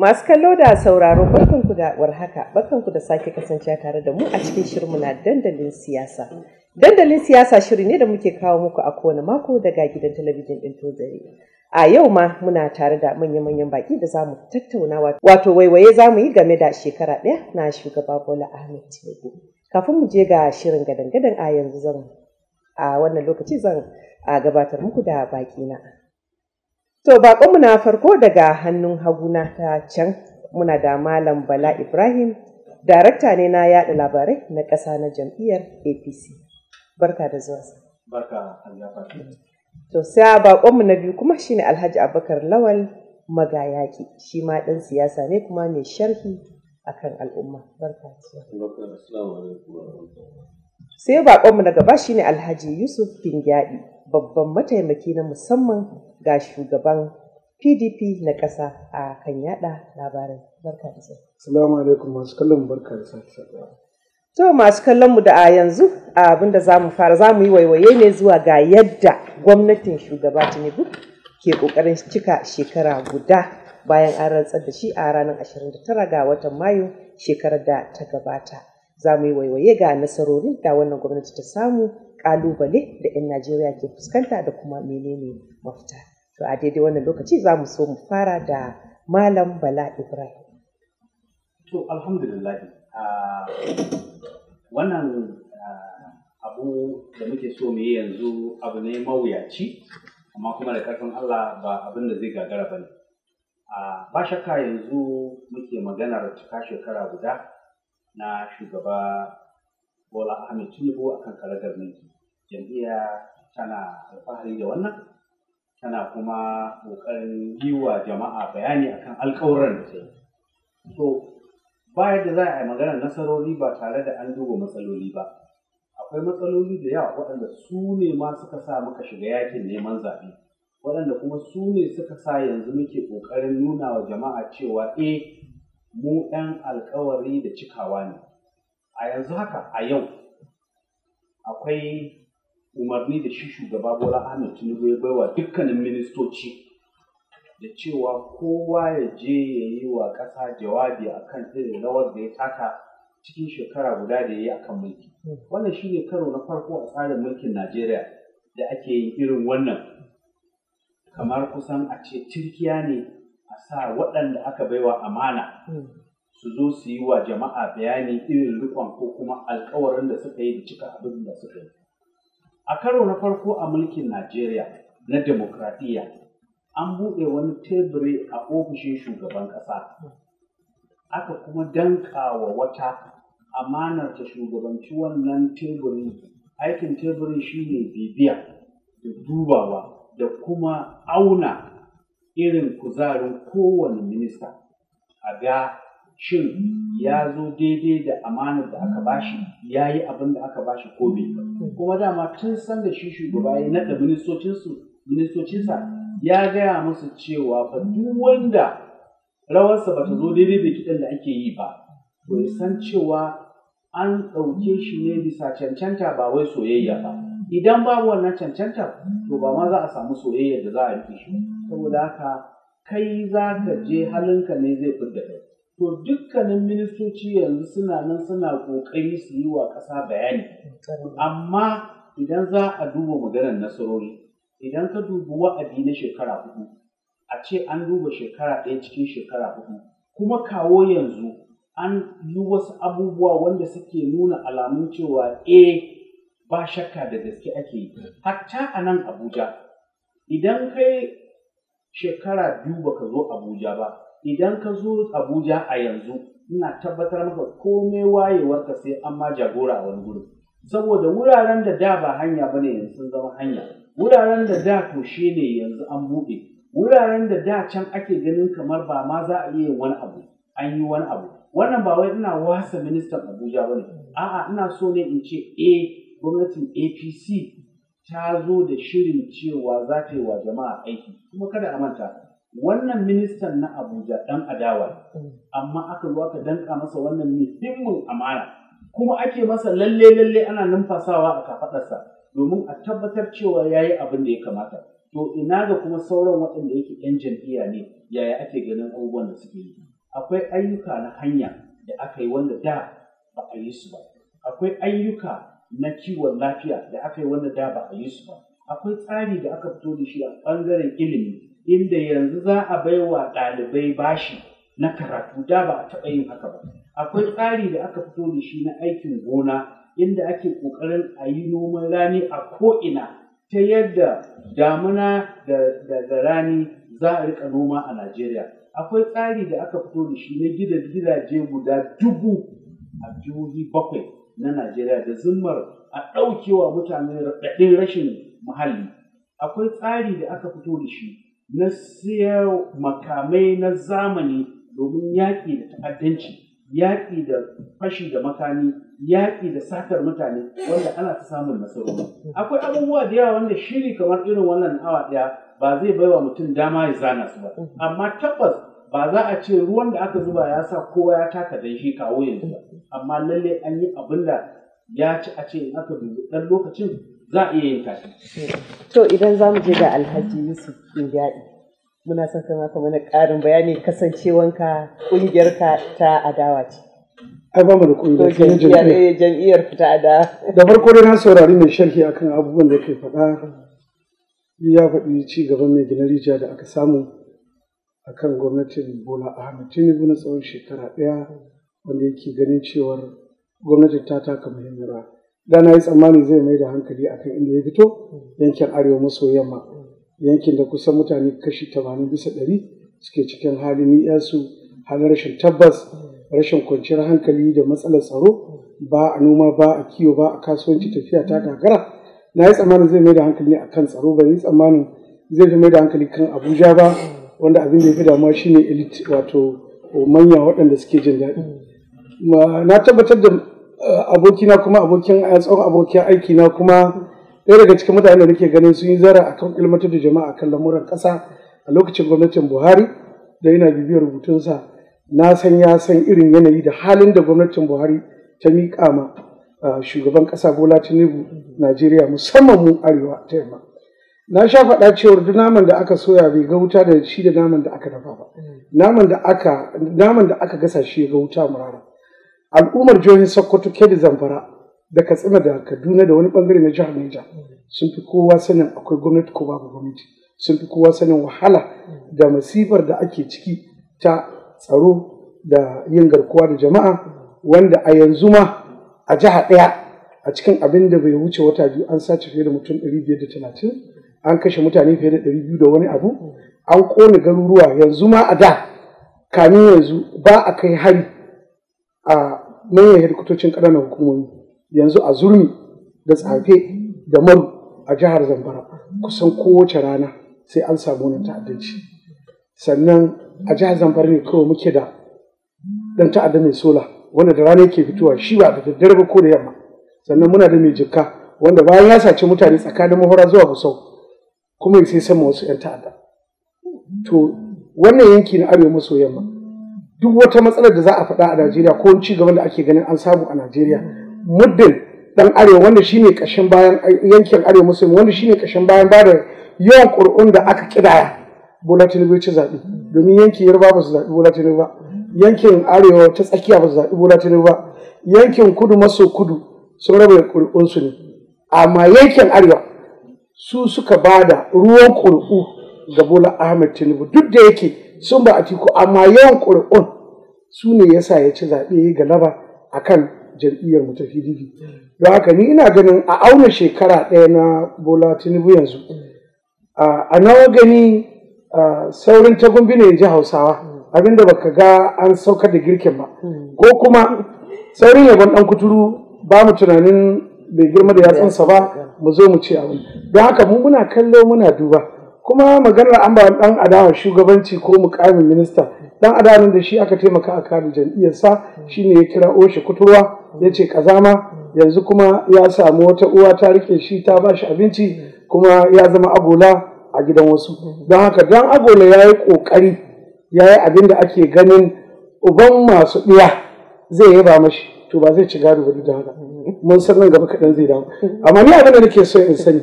Masu kallo da sauraro barkanku da warhaka, barkanku da sake kasancewa tare da mu a cikin shirinmu na dandalin siyasa. Dandalin siyasa shiri ne da muke kawo muku a kowane mako daga gidan talabijin ɗin Tozari. A yau ma muna tare da manya-manyan baki da za mu tattauna wato waiwaye za mu yi game da shekara ɗaya na shugaba Bola Ahmed Tinubu. Kafin mu je ga shirin gadan-gadan a yanzu zan a wannan lokaci zan gabatar muku da baki na. To baƙonmu na farko daga hannun haguna ta can muna da Malam Bala Ibrahim, darakta ne na yaɗa labarai na ƙasa na jam'iyyar APC. Barka da zuwa. Barka To sai baƙonmu na biyu kuma shine Alhaji Abubakar Lawal Magayaki, shi ma ɗan siyasa ne kuma mai sharhi kan al'umma. Barka da zuwa. Sai baƙonmu na gaba shine Alhaji Yusuf Kingyaɗi. babban mataimaki na musamman ga shugaban PDP na ƙasa a kan yaɗa labarai. Barka da Salamu alaikum masu kallon barka da To masu kallon mu da a yanzu abin da za mu fara za mu yi waiwaye ne zuwa ga yadda gwamnatin shugaba Tinubu ke ƙoƙarin cika shekara guda bayan an rantsar da shi a ranar 29 ga watan Mayu shekarar da ta gabata. Za mu yi waiwaye ga nasarorin da wannan gwamnati ta samu Ƙalubale da 'yan Najeriya ke fuskanta da kuma menene mafita. To a daidai wannan lokaci za mu so mu fara da Malam Bala Ibrahim. To alhamdulillah wannan abu da muke so mu yi yanzu abu ne mawuyaci amma kuma da ƙarfin Allah ba abin da zai gagara ba ne. Ba shakka yanzu muke maganar cika shekara guda na shugaba Bola Ahmed Tinubu kan kare mulki. Jam'iyya tana alfahari da wannan tana kuma ƙoƙarin yi wa jama'a bayani akan alƙawuran da ta yi. So, ba yadda za a yi maganar nasarori ba tare da an duba matsaloli ba. Akwai matsaloli da yawa waɗanda su ne ma suka sa muka shiga yakin neman zaɓe. Waɗanda kuma su ne suka sa yanzu muke ƙoƙarin nuna wa jama'a cewa eh mu ɗan alƙawari da cikawa ne. a yanzu haka a yau akwai umarni da shi shugaba bola ahmed tinubu ya baiwa dukkanin ministoci da cewa kowa ya je ya yi wa ƙasa jawabi akan irin rawar da ya taka cikin shekara guda da ya yi akan mulki wannan shi ne karo na farko a tsarin mulkin najeriya da ake yin irin wannan kamar kusan a ce turkiya ne a sa waɗanda aka baiwa amana hmm. su zo su yi wa jama'a bayani irin rikon ko kuma alkawarin da suka yi da cika abin da suka yi. A karo na farko a mulkin Najeriya na demokradiyya an buɗe wani teburi a ofishin shugaban ƙasa. Aka kuma dankawa wata amanar ta shugabanci wannan teburi aikin teburi shine bibiya da dubawa da kuma auna irin kuzarin kowane minista a ga shin ya zo daidai da amanar da aka bashi ya yi abin da aka bashi ko bai kuma dama tun san da shi shugaba ya naɗa ministocinsa ya gaya musu cewa fa duk wanda rawarsa ba ta zo daidai da kiɗan da ake yi ba to ya san cewa an ɗauke shi ne bisa cancanta ba wai soyayya ba idan babu wannan cancanta to ba ma za a samu soyayya da za a rike shi saboda haka kai za ka je halinka ne zai fidda kai to dukkanin ministoci yanzu suna nan suna ƙoƙari su yi wa ƙasa bayani amma idan za a duba maganar nasarori idan ka dubi wa'adi na shekara hudu a ce an duba shekara ɗaya cikin shekara hudu kuma kawo yanzu an yi wasu abubuwa wanda suke nuna alamun cewa eh ba shakka da gaske ake yi hatta a nan abuja idan kai shekara biyu baka zo abuja ba idan ka zo Abuja a yanzu ina tabbatar maka komai wayewarka sai an ma jagora a wani gurin saboda wuraren da da ba hanya bane yanzu sun zama hanya wuraren da da shi ne yanzu an buɗe wuraren da da can ake ganin kamar ba ma za a iya yin wani abu an yi wani abu wannan ba wai ina wasa ministan Abuja ba ne. a'a ina so ne in ce eh, a gwamnatin APC ta zo da shirin cewa za ta yi wa jama'a aiki kuma kada a manta wannan ministan na Abuja dan adawa ne, mm. amma aka zo aka danka masa wannan muhimmin amana kuma ake masa lalle lalle ana numfasawa a kafaɗarsa, domin a tabbatar cewa yayi abin da ya kamata to ina ga kuma sauran waɗanda yake yan jam'iyya ne yaya ake ganin abubuwan da suke yi akwai ayyuka na hanya da aka yi wanda da ba a yi su ba akwai ayyuka na kiwon lafiya da aka yi wanda da ba a yi su ba akwai tsari da aka fito da shi a ɓangaren ilimi inda yanzu za a bai wa ɗalibai bashi na karatu da ba a taɓa yin haka ba akwai tsari da aka fito da shi na aikin gona inda ake ƙoƙarin a yi noman rani a ko'ina ta yadda damuna da rani za a riƙa noma a najeriya akwai tsari da aka fito da shi na gidaje guda dubu a jihohi bakwai na najeriya da zimmar a ɗaukewa mutane raɗaɗin rashin muhalli akwai tsari da aka fito da shi na siya makamai na zamani domin yaƙi da ta'addanci yaƙi da fashi da makami yaƙi da satar mutane wanda ana ta samun nasarori akwai abubuwa da yawa wanda shiri kamar irin wannan awa ɗaya ba zai baiwa mutum dama ya zana su ba amma tabbas ba za a ce ruwan da aka zuba ya sa kowa ya taka dan shi kawo yanzu ba amma lalle an yi abin da ya ci a ce in aka dubi ɗan lokacin za a iya yin tafi. To idan za mu je ga Alhaji Yusuf Injaɗi, muna son kama kuma mana ƙarin bayani kasancewanka ƙungiyarka ta adawa ce. Ai ba mu da ƙungiyar jam'iyyar. Jam'iyyar ta adawa. Da farko dai na saurari mai sharhi akan abubuwan da ke faɗa. Ya faɗi ci gaban mai gina rijiya da aka samu akan gwamnatin Bola Ahmed Tinubu na tsawon shekara ɗaya wanda yake ganin cewar gwamnati ta taka muhimmiyar da na yi tsammani zai mai da hankali akan inda ya fito yankin arewa maso yamma yankin da kusan mutane kashi 80 bisa 100 suke cikin halin ni'yasu halin rashin tabbas rashin kwanciyar hankali da matsalar tsaro ba a noma ba a kiwo ba a kasuwanci tafiya ta gagara na yi tsammanin zai mai da hankali ne akan tsaro ba yi tsammanin zai fi mai da hankali kan abuja ba wanda abin da ya fi damuwa shine elite wato manya waɗanda suke jin daɗi na tabbatar da abokina kuma abokin eh, tsawon abokin aiki na kuma ɗaya daga cikin mutane da nake ganin sun yi zara akan ilmantar da jama'a kan lamuran ƙasa a lokacin gwamnatin Buhari da yana bibiyar rubutunsa na san ya san irin yanayi da halin da gwamnatin Buhari ta miƙa ma ah, shugaban ƙasa Bola Tinubu Najeriya musamman mu arewa ta yamma. Na sha faɗa cewar duk naman da aka soya bai ga wuta da shi da naman da aka dafa ba. Mm. Naman da aka gasa shi ya ga wuta murara. al'ummar jihohin sokoto kebbi zamfara da katsina da kaduna da wani bangare na jihar niger sun fi kowa sanin akwai gwamnati ko babu gwamnati sun fi kowa sanin wahala da masifar da ake ciki ta tsaro da yin garkuwa da jama'a wanda a yanzu ma a jiha ɗaya a cikin abin da bai wuce wata biyu an sace fiye da mutum 530 an kashe mutane fiye da 200 da wani abu an kone garuruwa yanzu ma a da kamin yanzu ba a kai hari a manyan hedikwatocin ƙananan hukumomi yanzu a zurmi da tsafe da maru a jihar zamfara kusan kowace rana sai an samu wani ta'addanci sannan a jihar zamfara ne kawai muke da ɗan ta'adda mai sola wanda da rana yake fitowa shi ba da daddare ba ko da yamma sannan muna da mai jikka wanda bayan ya sace mutane tsakanin mahora zuwa busau kuma sai sama wasu 'yan ta'adda to wannan yanki na arewa maso yamma duk wata matsalar da za a faɗa a Najeriya ko ci gaban da ake ganin an samu a Najeriya muddin dan arewa wanda shine kashin bayan yankin arewa musulmi wanda shine kashin bayan ba da yawan ƙuri'un da aka kidaya Bola Tinubu ci zaɓe domin yankin Yarba ba su zaɓi Bola ba yankin arewa ta tsakiya ba su zaɓi Bola ba yankin kudu maso kudu sun raba ƙuri'un su ne amma yankin arewa su suka ba da ruwan ƙuri'u ga Bola Ahmed Tinubu duk da yake sun ba a tiko amma yawan ƙuri'un su ne ya sa ya ci zaɓe galaba a kan jam'iyyar mu ta pdp don haka ni ina ganin a auna shekara ɗaya na bola tinubu yanzu a nawa gani saurin tagumbi ne ji hausawa abinda baka ga an saukar da girkin ba ko kuma saurin yabon ɗan kuturu ba mu tunanin bai girma da yatsunsa ba mu zo mu ce abin don haka mu muna kallo muna duba kuma maganar an ba dan adawa shugabanci ko mukamin minista dan adawa da shi aka taimaka a kare jam'iyyarsa shine ya kira oshi kuturwa ya ce kazama yanzu kuma ya samu wata uwa ta rike shi ta ba shi abinci kuma ya zama agola a gidan wasu don haka dan agola ya yi kokari ya yi abin da ake ganin uban masu ɗiya zai yaba mashi to ba zai ci gado ba da haka mun san nan gaba kaɗan zai dawo amma ni abin da nake so in sani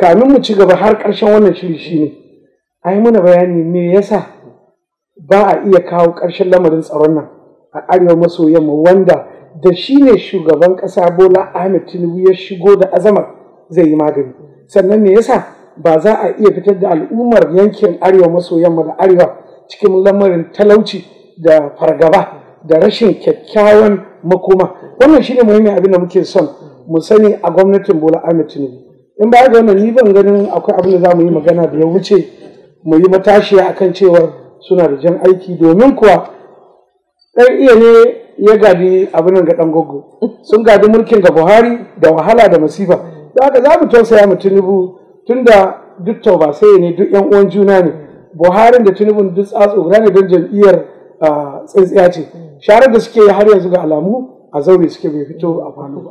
kamin mu ci gaba har ƙarshen wannan shiri a yi mana bayani me yasa ba a iya kawo ƙarshen lamarin tsaron nan a arewa maso yamma wanda da shi ne shugaban ƙasa bola ahmed tinubu ya shigo da azamar zai yi magani sannan me yasa ba za a iya fitar da al'ummar yankin arewa maso yamma da arewa cikin lamarin talauci da fargaba da rashin kyakkyawan makoma wannan shine muhimmin abin da muke son mu sani a gwamnatin bola ahmed tinubu in ba ga wannan ni ban ganin akwai abin da za mu yi magana da ya wuce mu yi matashi a kan cewar suna da jan aiki domin kuwa ɗan iya ne ya gadi abin ga ɗan gogo sun gadi mulkin ga buhari da wahala da masifa da haka za mu tausaya mu tinubu da duk tauba sai ne duk yan uwan juna ne buharin da tinubun duk tsatso ne don jam'iyyar ah, tsintsiya ce sharar da suke yi har yanzu ga alamu a zaure suke bai fito a kwano ba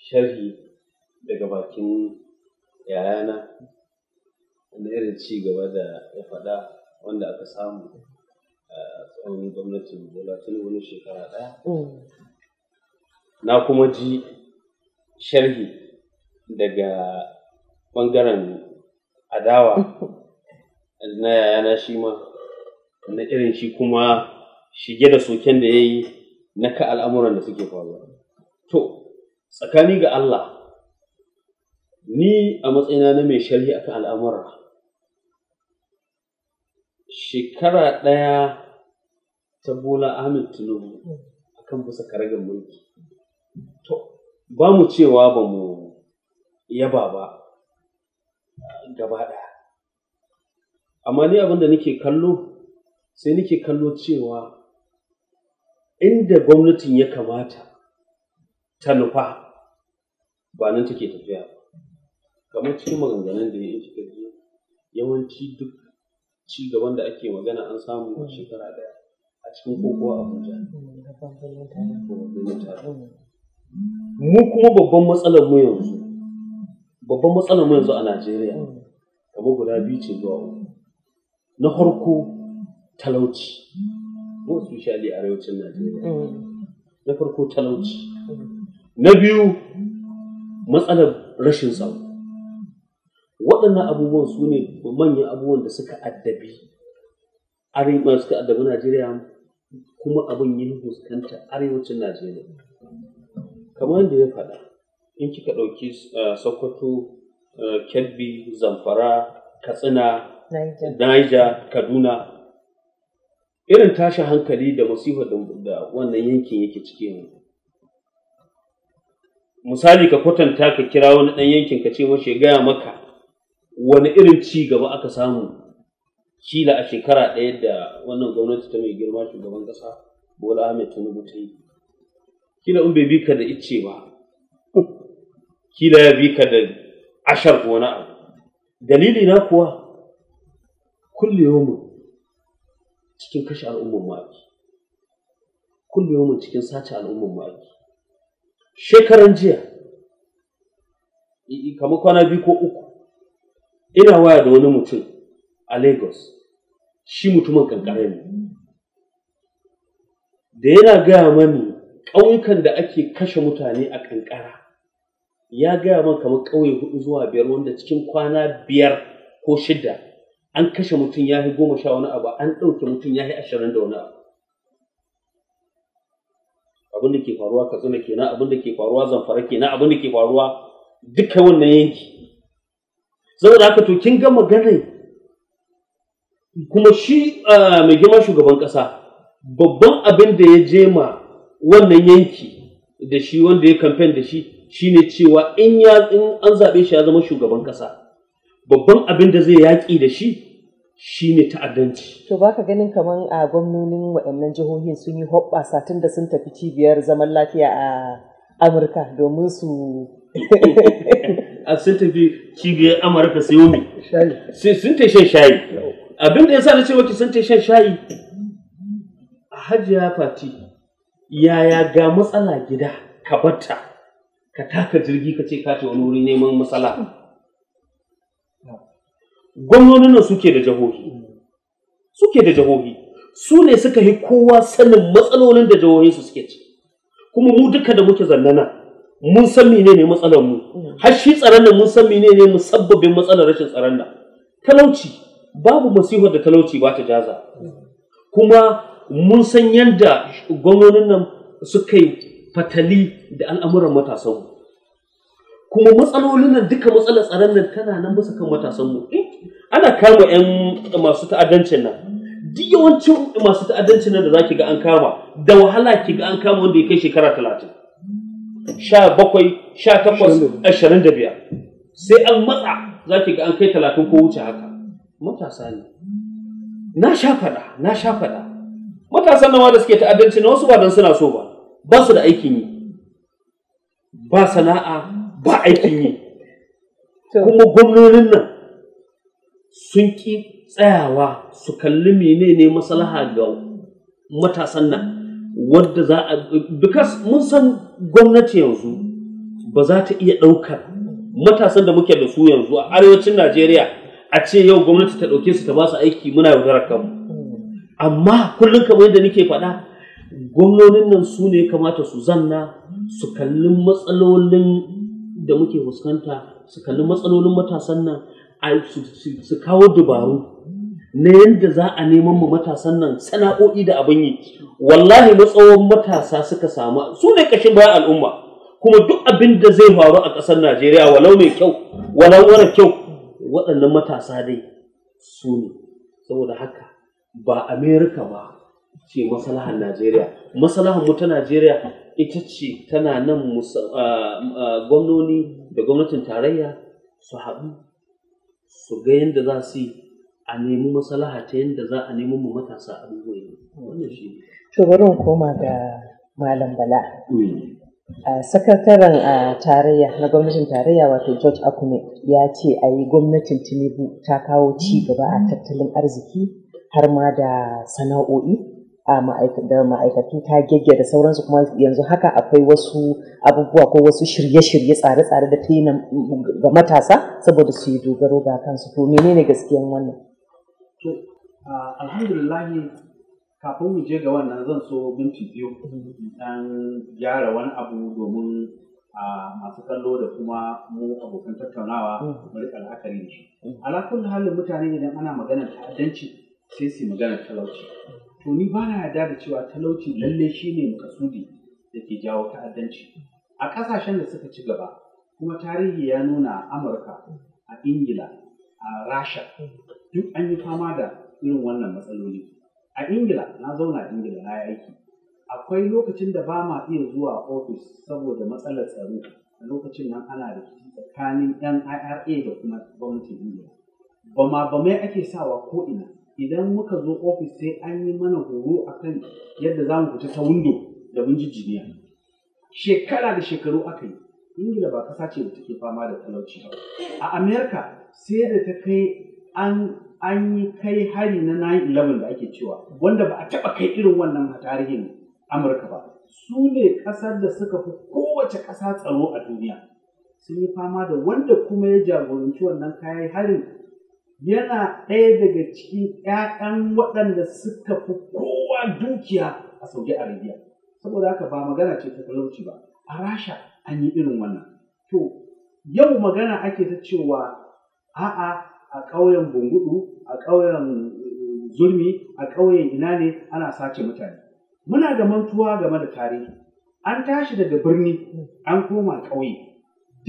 sharhi daga bakin yayana na irin ci gaba da ya faɗa wanda aka samu a tsawon gwamnatin bola tun wani shekara ɗaya na kuma ji sharhi daga ɓangaren adawa na yayana shi ma na irin shi kuma shige da soken da ya yi na ka al'amuran da suke faruwa to tsakani ga Allah ni a matsayina na mai sharhi akan al'amura shekara ɗaya ta bola ahmed tinubu akan bisa karagar mulki to ba mu cewa ba mu yaba ba ah, gaba ɗaya amma ni abin nake kallo sai nake kallo cewa inda gwamnatin ya kamata ta nufa ba nan take tafiya ba kamar cikin maganganun da ya yi kika yawanci duk ci gaban da ake magana an samu a shekara daya a cikin koko abuja mu kuma babban matsalar mu yanzu babban matsalar mu yanzu a najeriya kamar guda biyu ce zuwa uku na farko talauci mu a arewacin najeriya mm. na farko talauci na biyu matsalar rashin tsaro waɗannan abubuwan su ne manyan abubuwan da suka addabi arewa suka addabi najeriya kuma abin yin fuskanta arewacin najeriya kamar yadda ya faɗa in kika ɗauki eh, sokoto eh, kebbi zamfara katsina niger kaduna irin tashin hankali da masifar da wannan yankin yake ciki ne misali ka kwatanta ka kira wani ɗan yankin ka ce mashi gaya maka wani irin ci gaba aka samu kila a shekara ɗaya da wannan gwamnati ta mai girma shugaban ƙasa bola ahmed tinubu ta yi kila in bai bi ka da icce ba kila ya bi ka da ashar wani abu dalili na kuwa kulle yomin cikin kashe al'ummar mu ake kulle yomin cikin sace al'ummar mu shekaran jiya kamar kwana biyu ko uku ina waya da wani mutum a lagos shi mutumin kankare ne da yana gaya mani ƙauyukan da ake kashe mutane a kankara ya gaya man kamar ƙauye hudu zuwa biyar wanda cikin kwana biyar ko shida an kashe mutum ya yi goma sha wani abu an ɗauke mutum ya yi ashirin da wani abu abin da ke faruwa katsina kenan abin da ke faruwa zamfara kenan abin da ke faruwa duka wannan yanki saboda haka to kin ga maganar kuma shi mai girma shugaban ƙasa babban abin da ya je ma wannan yanki da shi wanda ya kamfen da shi shine cewa in an zaɓe shi ya zama shugaban ƙasa babban abin da zai yaƙi da shi shi ne ta'addanci. To ba ka ganin kamar a gwamnonin waɗannan jihohin sun yi hoɓɓasa tun da sun tafi cibiyar zaman lafiya a Amurka domin su. A sun tafi cibiyar Amurka sai yomi. Sun ta shan shayi. Abin da ya sa na ce wacce sun ta shan shayi. A hajiya fati yaya ga matsala gida ka batta ka taka jirgi ka ce ka wani wuri neman matsala. gwamnonin nan suke da jihohi suke da jihohi su ne suka yi kowa sanin matsalolin da jihohinsu suke ci kuma mu duka da muke zannana mun san ne matsalar mu har shi tsaron nan mun san ne musabbabin matsalar rashin tsaron nan talauci babu masihar da talauci ba ta jaza kuma mun san yadda gwamnonin nan suka yi fatali da al'amuran matasanmu kuma matsalolin nan duka matsalar tsaron nan tana nan bisa kan matasan mu eh, ana kama yan masu ta'addancin nan duk yawancin masu ta'addancin nan da zaki ga an kama da wahala ki ga an kama wanda ya kai shekara talatin sha bakwai sha takwas ashirin da biyar sai an matsa za ki ga an kai talatin ko wuce haka matasa ne na sha faɗa na sha faɗa matasan nawa da suke ta'adancin na wasu ba don suna so ba ba su da aikin yi ba sana'a ba aikin yi kuma gwamnonin nan sun ki tsayawa su kalli menene maslaha ga matasan nan wadda za a because mun san gwamnati yanzu ba za ta iya ɗaukar matasan da muke da su yanzu a arewacin najeriya a ce yau gwamnati ta ɗauke su ta ba su aiki muna yaudarar kanmu amma kullum kamar yadda nake faɗa gwamnonin nan su ne kamata su zanna su kalli matsalolin da muke fuskanta su kalli matsalolin matasan nan su kawo dubaru na yadda za a neman ma matasan nan sana'o'i da abin yi wallahi matsawon matasa suka samu su ne kashin bayan al'umma kuma duk abin da zai faru a ƙasar najeriya walau mai kyau walau mara kyau waɗannan matasa dai su ne saboda haka ba amerika ba ke maslahar Najeriya maslahar mu ta Najeriya ita ce tana nan gwamnoni da gwamnatin tarayya su haɗu su ga yadda za su yi a nemi masalaha ta yadda za a nemi mu matasa a shi koma ga malam bala mm. a sakataren tarayya na gwamnatin tarayya wato george akume ya ce a yi gwamnatin tinubu ta kawo ci gaba a tattalin arziki har ma da sana'o'i da ma'aikatu ta gege da sauransu kuma yanzu haka akwai wasu abubuwa ko wasu shirye-shirye tsare-tsare da ta yi ga matasa saboda su yi dogaro ga kansu to menene gaskiyan wannan to kafin mu je ga wannan zan so binci biyu dan gyara wani abu domin a masu kallo da kuma mu abokan tattaunawa mm. mu rika la'akari da shi ala halin mutane idan ana magana ta'addanci sai su magana talauci to ni ba na yarda da cewa talauci lalle shi ne makasudi da ke jawo ta'addanci a ƙasashen da suka ci gaba kuma tarihi ya nuna a amurka a ingila a rasha duk an yi fama da irin wannan matsaloli a ingila na zauna ingila na yi aiki akwai lokacin da ba ma iya zuwa ofis saboda matsalar tsaro a lokacin nan ana da tsakanin yan ira da kuma gwamnatin ingila ba ma ba mai ake sawa ko ina idan muka zo ofis sai an yi mana horo a kan yadda za mu fita ta windo da mun jijjiniya shekara da shekaru aka yi ingila ba kasa ce da take fama da talauci ba a amerika sai da ta kai an an yi kai hari na 9-11 da ake cewa wanda ba a taɓa kai irin wannan tarihin amurka ba su ne ƙasar da suka fi kowace ƙasa tsaro a duniya sun yi fama da wanda kuma ya jagoranci wannan kayan harin yana ɗaya daga cikin ‘ya'yan waɗanda suka fi kowa dukiya a Saudi Arabia. Saboda haka ba magana ce ta talauci ba, a Rasha an yi irin wannan. To, yau magana ake ta cewa a'a a ƙauyen Bungudu, a ƙauyen eh, Zulmi, a ƙauyen ina ne ana sace mutane. Muna da mantuwa game da tarihi. An tashi daga birni, an koma ƙauye.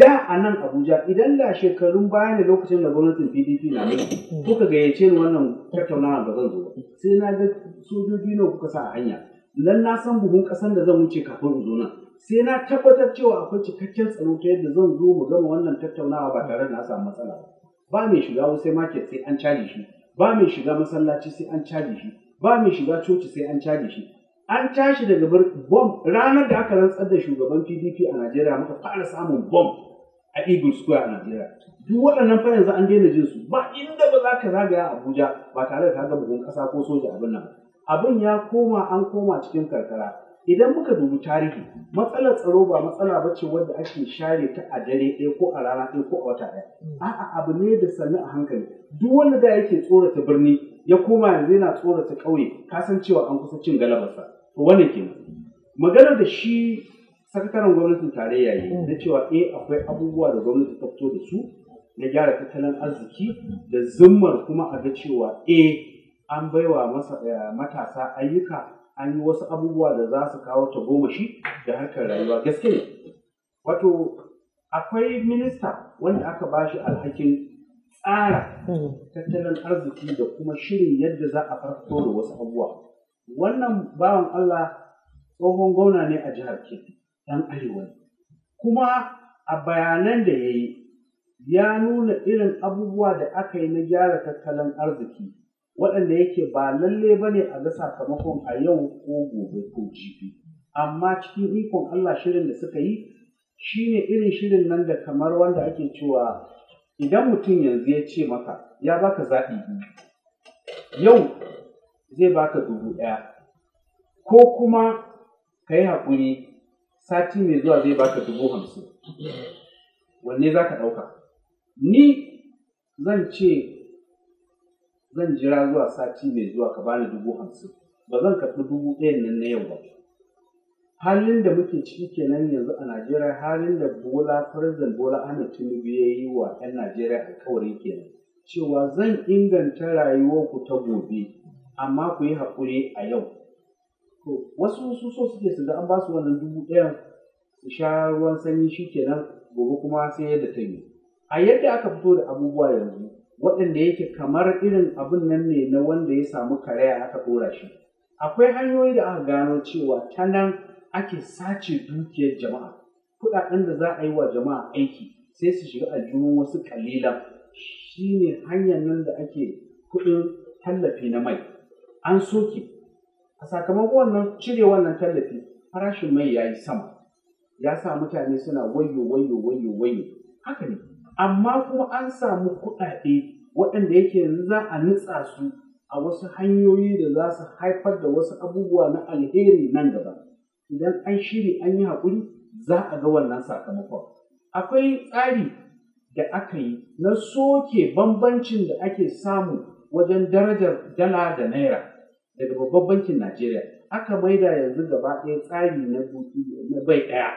da a nan abuja idan da shekarun baya ne lokacin da gwamnatin pdp na mulki kuka gayyace ni wannan tattaunawa ba zan zo sai na ga sojoji nawa kuka sa a hanya idan na san buhun kasan da zan wuce kafin in zo nan sai na tabbatar cewa akwai cikakken tsaro ta yadda zan zo mu gama wannan tattaunawa ba tare da na samu matsala ba ba mai shiga wuce market sai an caji shi ba mai shiga masallaci sai an caji shi ba mai shiga coci sai an caji shi an tashi daga bom ranar da aka rantsar da shugaban pdp a najeriya muka fara samun bom a Eagle Square a Najeriya. Duk waɗannan fa yanzu an daina jin su ba inda ba za ka zagaya Abuja ba tare da ka ga bugun ƙasa ko soja abin nan. Abin ya koma an koma cikin karkara. Idan muka dubi tarihi, matsalar tsaro ba matsala ba ce wadda ake share ta a dare ɗaya ko a rana ɗaya ko a wata ɗaya. A'a abu ne da sannu a hankali. Duk wanda da yake tsorata birni ya koma yanzu yana tsorata ƙauye, ka cewa an kusa cin galabarsa. To wannan kenan. Maganar da shi sakataren gwamnatin tarayya ne hmm. na cewa a eh, akwai abubuwa da gwamnati ta fito da su na gyara tattalin arziki da zummar kuma a ga cewa a eh, an baiwa eh, matasa ayyuka an yi wasu abubuwa da za su kawo tagomashi da harkar rayuwa gaske ne wato akwai minista wanda aka ba shi alhakin tsara hmm. tattalin arziki da kuma shirin yadda za a farfito da wasu abubuwa wannan bawan Allah tsohon gwamna ne a jihar Kebbi ɗan arewa kuma a bayanan da ya yi ya nuna irin abubuwa da aka yi na gyara tattalin arziki waɗanda yake ba lalle ba ne a ga sakamakon a yau ko gobe ko jibi amma cikin ikon Allah shirin da suka yi shi ne irin shirin nan da kamar wanda ake cewa idan mutum yanzu ya ce maka ya baka zaɓi yau zai baka dubu ɗaya ko kuma ka yi haƙuri sati mai zuwa zai baka dubu hamsin wanne za ka ɗauka ni zan ce zan jira zuwa sati mai zuwa ka bani dubu hamsin ba zan karɓi dubu ɗayan nan na yau ba halin da muke ciki kenan yanzu a najeriya halin da bola president bola ahmed tinubu ya yi wa 'yan najeriya alkawari kenan cewa zan inganta rayuwarku ta gobe amma ku yi haƙuri a yau wasu su so suke su ga an ba su wannan dubu ɗaya su sha ruwan sanyi shi kenan gobe kuma sai yadda ta yi a yadda aka fito da abubuwa yanzu waɗanda yake kamar irin abun nan ne na wanda ya samu karaya aka ɗora shi akwai hanyoyi da aka gano cewa ta nan ake sace dukiyar jama'a kuɗaɗen da za a yi wa jama'a aiki sai su shiga aljihun wasu kalilan shine hanyar nan da ake kuɗin tallafi na mai an soke a sakamakon wannan cire wannan tallafi farashin mai ya yi sama ya sa mutane suna wayo wayo wayo wayo haka ne amma kuma an samu kuɗaɗe waɗanda yake yanzu za a nutsa su a wasu hanyoyi da za su haifar da wasu abubuwa na alheri nan gaba idan an shiri an yi haƙuri za a ga wannan sakamakon akwai tsari da aka yi na soke bambancin da ake samu wajen darajar dala da naira daga babban bankin Najeriya aka maida yanzu gaba ɗaya tsari na na bai ɗaya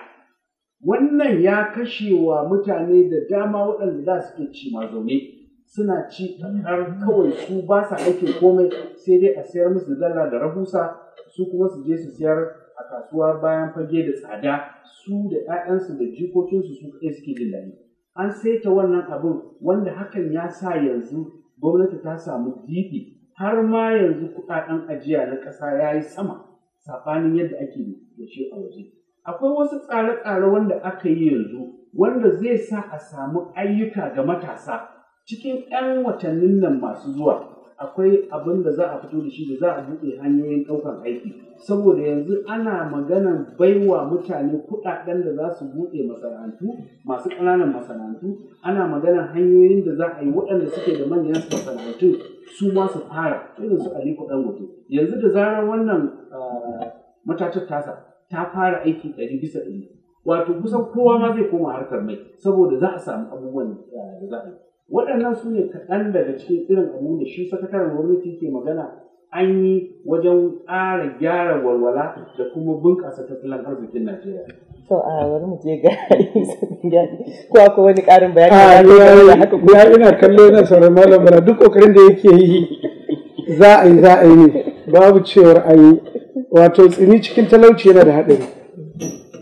wannan ya kashe wa mutane da dama waɗanda su ke ci mazaune suna ci har kawai su ba sa aikin komai sai dai a sayar musu dala da rahusa su kuma su je su sayar a kasuwa bayan fage da tsada su da 'ya'yansu da jikokinsu su kaɗai suke jin daɗi an saita wannan abin wanda hakan ya sa yanzu gwamnati ta samu gibi har ma yanzu kuɗaɗen ajiya na ƙasa ya yi sama saɓanin yadda ake da shi a waje. Akwai wasu tsare-tsare wanda aka yi yanzu wanda zai sa a samu ayyuka ga matasa cikin 'yan watannin nan masu zuwa akwai abin da za a fito da shi da za a buɗe hanyoyin ɗaukar aiki saboda yanzu ana maganan baiwa mutane kuɗaɗen da za su buɗe masana'antu masu ƙananan masana'antu ana maganan hanyoyin da za a yi waɗanda suke da manyan masana'antu su ma su fara irin su Aliko Dangote yanzu da zarar wannan ah, matatar tasa ta fara aiki ɗari bisa ɗari wato kusan kowa ma zai koma harkar mai saboda za a samu abubuwan ah, da za a yi waɗannan su ne kaɗan daga cikin irin abu da shi sakataren gwamnati ke magana an yi wajen ƙara gyara walwala da kuma bunƙasa tattalin arzikin najeriya to a ah, bari mu je ga ko akwai wani karin bayani ah, ya ina kallo na sauran malam bala duk kokarin da yake yi za a yi za a yi ne babu cewar a yi wato tsini cikin talauci yana da haɗari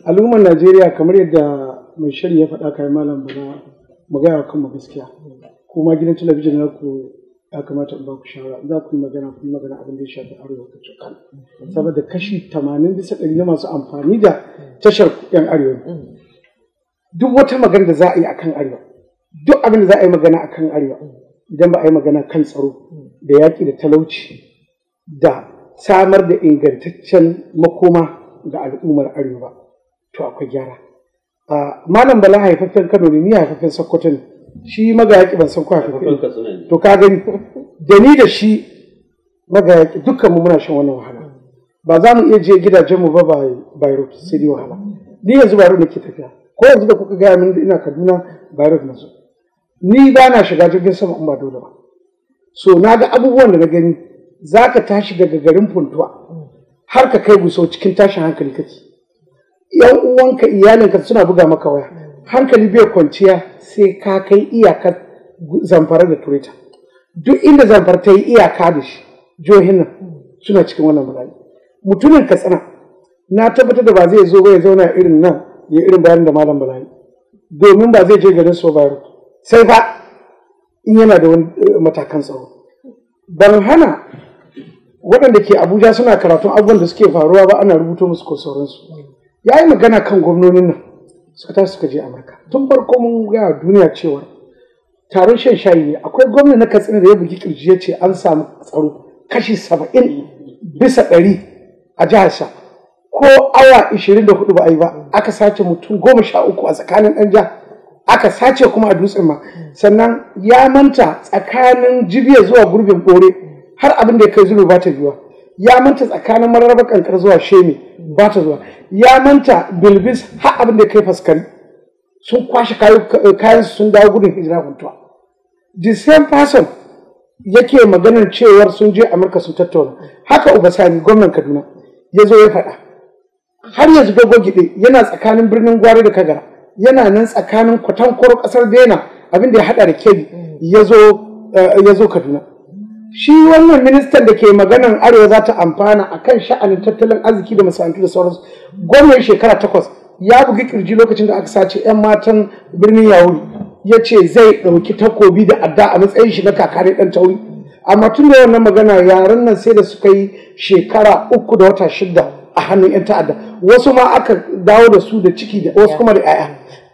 al'ummar najeriya kamar yadda mai shirin ya faɗa kai malam bala mu gaya wa kanmu gaskiya kuma gidan talabijin na ku ya kamata in ba ku shawara za ku yi magana ku yi magana abin da ya shafi arewa ta cikin saboda kashi tamanin bisa ɗari na masu amfani da tashar yan arewa duk wata magana da za a yi akan arewa duk abin da za a yi magana akan arewa idan ba a yi magana kan tsaro da yaƙi da talauci da samar da ingantaccen makoma ga al'ummar arewa to akwai gyara ah, malam bala haifafen kano ne ni haifafen sokoto ne shi maga yaƙi ban san ko haifaffen to ka gani da ni da shi magayaki dukkan mu muna shan wannan wahala ba za mu iya je gidajen mu ba Beirut sai dai wahala ni yanzu Beirut nake tafiya ko yanzu da kuka gaya min ina Kaduna Beirut na zo ni ba na shiga jirgin sama in ba dole ba so na ga abubuwan da na gani za ka tashi daga garin funtuwa har ka kai gusau cikin tashin hankali kake yan uwanka iyalinka suna buga maka waya hankali bai kwanciya sai ka kai iyakar zamfara da turita duk inda zamfar ta yi iyaka da shi johin suna cikin wannan bala'i mutumin katsina na tabbatar da ba zai zo ba ya zauna irin nan ya irin bayanin da malam bala'i domin ba zai je garin so ba sai fa in yana da eh, matakan tsawo. ban hana waɗanda ke abuja suna karatun abubuwan da suke faruwa ba ana rubuto musu ko sauransu ya yi magana kan gwamnonin nan suka tashi suka je amurka tun farko mun ga duniya cewa taron shan shayi ne akwai gwamna na katsina da ya bugi kirji ya ce an samu tsaro kashi saba'in bisa ɗari a jiharsa ko awa ishirin da hudu ba a yi ba aka sace mutum goma sha uku a tsakanin ɗan ja aka sace kuma a dutsen ma sannan ya manta tsakanin jibiya zuwa gurbin ɓore har abin da ya kai zuru ba ta zuwa ya manta tsakanin mararraba kankar zuwa shemi ba ta zuwa ya manta bilbis har abin da ya kai faskari sun kwashe kayan sun dawo gudun hijira kuntuwa the same person yake maganar cewar sun je amurka sun tattauna haka sami gwamnan kaduna ya zo ya faɗa har yanzu dogo gide yana tsakanin birnin gwari da kagara yana nan tsakanin kwatankwaro ƙasar bena abin da ya haɗa da kebi eh, ya zo kaduna shi wannan ministan da ke maganar arewa za ta amfana a kan sha'anin tattalin arziki da masana'antu da sauransu gwamnan shekara takwas ya bugi kirji lokacin da aka sace 'yan matan birnin yahudi ya ce zai ɗauki takobi da adda a matsayin shi na kakare ɗan tauri amma tun da wannan magana yaran nan sai da suka yi shekara uku da wata shida a hannun 'yan ta'adda wasu ma aka dawo da su da ciki da wasu kuma da 'ya'ya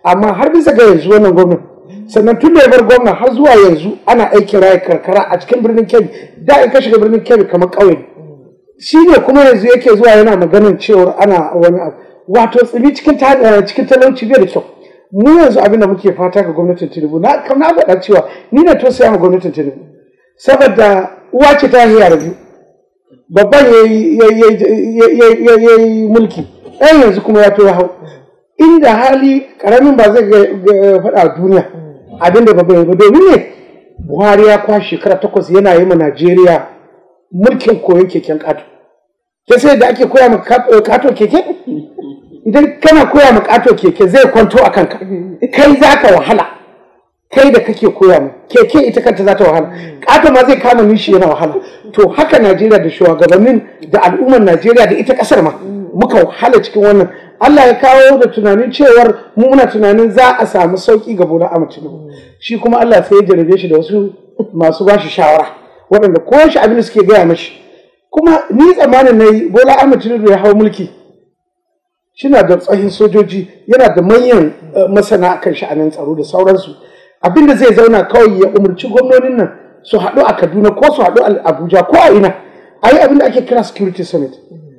amma har bisa ga yanzu wannan gwamnati sannan tun da ya bar gwamna har zuwa yanzu ana aikin raya karkara a cikin birnin kebbi da in ka shiga birnin kebbi kamar ƙauye shi ne kuma yanzu yake zuwa yana maganin cewar ana wani abu wato tsini eh, cikin talauci bai da kyau mu yanzu abin da muke fata ga gwamnatin tinubu na faɗa cewa ni na sai ma gwamnatin tinubu saboda uwa ce ta hiyar biyu babban ya yi mulki ɗan yanzu kuma ya tura hau inda hali karamin ba zai faɗa duniya abin da babban ya ba domin ne buhari ya kwa shekara takwas yana yi ma najeriya mulkin koyon keken ƙato ta sai da ake koya ma ƙato keke idan kana koya ma ƙato keke zai kwanto a kanka kai za ka wahala kai da kake koya ma keke ita kanta za ta wahala ƙato ma zai kama nishi yana wahala to haka najeriya da shugabannin da al'ummar najeriya da ita ƙasar ma muka wahala cikin wannan allah ya kawo da tunanin cewar mu muna tunanin za a samu sauƙi ga bola amince shi kuma allah sai ya jarabe shi da wasu masu ba shi shawara waɗanda ko shi abin da suke gaya mashi kuma ni tsammanin na yi bola amince ya hau mulki shina da tsahin sojoji yana da manyan eh, masana kan sha'anin tsaro da sauransu abinda zai zauna kawai ya umarci gwamnonin nan su haɗu a kaduna ko su haɗu a abuja ko a ina a yi abinda ake kira security summit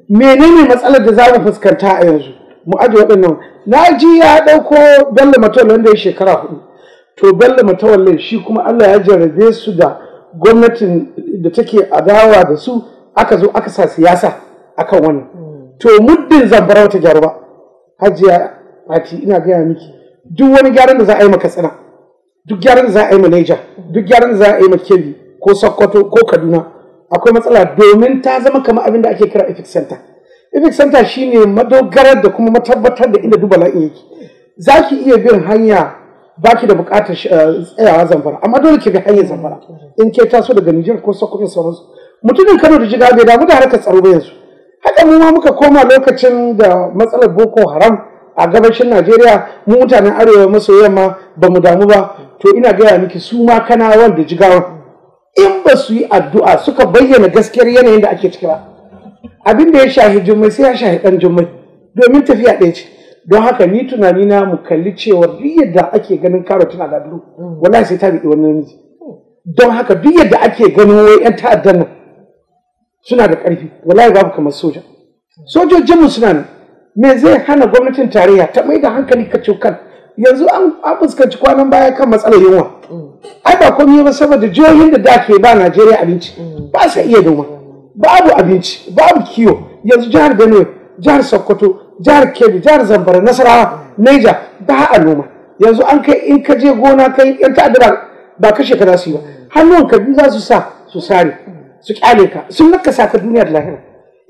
menene matsalar da za mu fuskanta a yanzu mu aje waɗannan na ji ya ɗauko bello matawalle wanda ya shekara hudu to bello matawalle shi kuma allah ya jarrabe su da gwamnatin da take adawa da su aka zo aka sa siyasa akan wannan to muddin zambarau ta gyaru ba hajiya ati ina gaya miki duk wani gyaran da za a yi maka tsina duk gyaran da za a yi ma Niger duk gyaran da za a yi ma Kebbi ko Sokoto ko Kaduna akwai matsala domin ta zama kamar abin da ake kira Epic Center Epic shi ne madogarar da kuma matabbatar da inda duba la'in yake za ki iya bin hanya ba ki da bukatar eh, tsayawa zamfara amma dole ki bi hanyar zamfara in ke taso daga Nijar ko Sokoto sauransu mutumin Kano da jiga bai damu da harkar tsaro ba yanzu haka mu ma muka koma lokacin da matsalar boko haram a gabashin najeriya mu mutanen arewa maso yamma ba mu damu ba to ina gaya miki su ma kanawan da jigawan in ba su yi addu'a suka bayyana gaskiyar yanayin da ake ciki ba abin da ya shahi jummai sai ya shahi dan jummai domin tafiya ɗaya ce don haka ni tunani na mu kalli cewa duk yadda ake ganin da al'adu wallahi sai ta biɗi wani namiji don haka duk yadda ake ganin wai 'yan ta'addan nan suna da ƙarfi wallahi babu kamar soja sojojinmu suna nan me zai hana gwamnatin tarayya ta mai da hankali ka cokan yanzu an fuskanci kwanan baya kan matsalar yunwa ai ba komai ba saboda jihohin da da ke ba najeriya abinci ba sa iya noma babu abinci babu kiwo yanzu jihar benue jihar sokoto jihar kebbi jihar zamfara nasarawa niger ba a noma yanzu an kai in ka je gona kai yan ta'adda ba kashe ka za su yi ba hannun ka biyu za su sa su sare su kyale ka sun nakasa saka duniya da lahira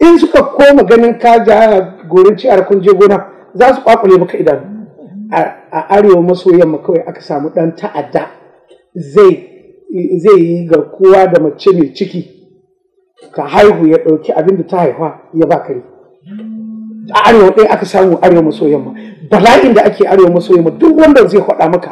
in suka koma ganin ka ja gorin ci kun je gona za su kwakule maka idanu a arewa maso yamma kawai aka samu dan ta'adda zai zai yi kowa da mace mai ciki ka haihu ya ɗauki abin da ta haihuwa ya ba kare a arewa ɗaya aka samu arewa maso yamma bala'in da ake arewa maso yamma duk wanda zai faɗa maka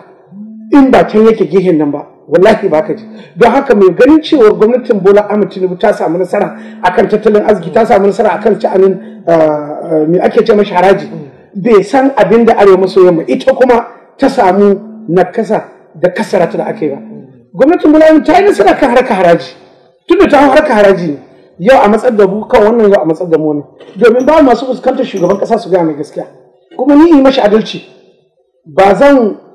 in ba can yake gihin nan ba wallahi ba ka ji don haka mai ganin cewar gwamnatin bola ahmed tinubu ta samu nasara akan tattalin arziki ta samu nasara akan ci'anin ah, ah, me ake ce mashi haraji bai san abin da arewa maso yamma ita kuma ta samu nakasa da kasarata da ake ba gwamnatin bola ahmed ta yi nasara kan harkar haraji tunda ta hau harkar haraji ne yau a matsar da mu kan wannan yau a matsar da mu ne domin ba masu fuskantar shugaban kasa su gaya mai gaskiya kuma ni yi mashi adalci ba zan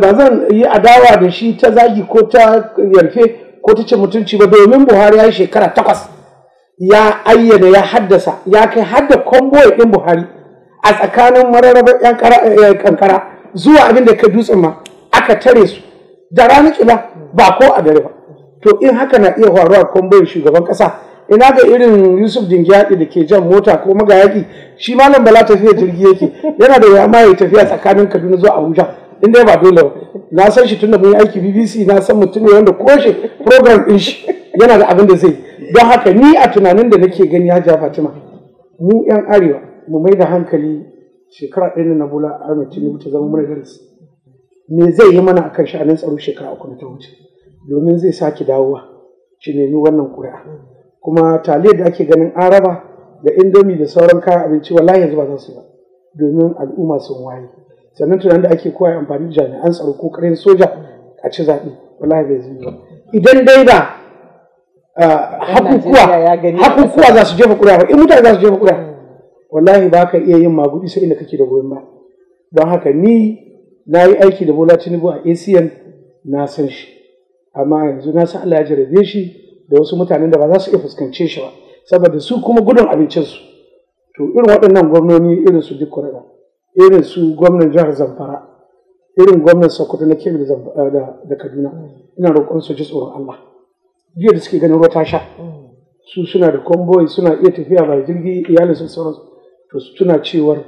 ba zan yi adawa da shi ta zagi ko ta yarfe ko ta ce mutunci ba domin buhari ya yi shekara takwas ya ayyana ya haddasa ya kai hadda kwamboyi ɗin buhari a tsakanin mararraba yan eh, kankara zuwa abin da ka dutse ma aka tare su da rana kila ba ko a gare ba to in haka na iya faruwa kwamboyin shugaban kasa ina ga irin yusuf dingiyaɗi da ke jan mota ko magayaki shi malam bala tafiya jirgi yake yana da yama ya tafiya tsakanin kaduna zuwa abuja in dai ba dole na san shi tun da mun yi aiki BBC na san mutum ne wanda koshe program din shi yana da abin da zai don haka ni a tunanin da nake gani Hajiya Fatima mu yan arewa mu mai da hankali shekara ɗaya na a mutum ne ta zama mana darasi me zai yi mana akan sha'anin tsaro shekara uku ta wuce domin zai sake dawowa shi ni wannan ƙuri'a kuma taliyar da ake ganin araba da indomi da sauran kayan abinci wallahi yanzu ba za su ba domin al'umma sun waye sannan tunanin da ake koya amfani da jami'an tsaro ko karin soja a ci zaɓe wallahi bai zai ba idan dai ba hakukuwa za su jefa ƙuri'a ba in mutane za su jefa ƙuri'a wallahi ba ka iya yin magudi sai inda kake da goyon ba don haka ni na yi aiki da bola tinubu a acn na san shi amma yanzu na san allah ya jarabe shi da wasu mutanen da ba za su iya fuskance shi ba saboda su kuma gudun abincinsu to irin waɗannan gwamnoni irin su duk kwarara irin su gwamnan jihar zamfara irin gwamnan sokoto na kebe eh, da kaduna ina roƙon su ji tsoron allah jiya da suke ganin ruwa ta sha su suna da kwamboyi, suna iya tafiya ba jirgi iyalin su sauran to su tuna cewar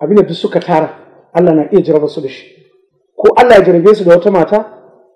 abin da suka tara allah na iya jaraba su da shi ko allah ya jarabe su da wata mata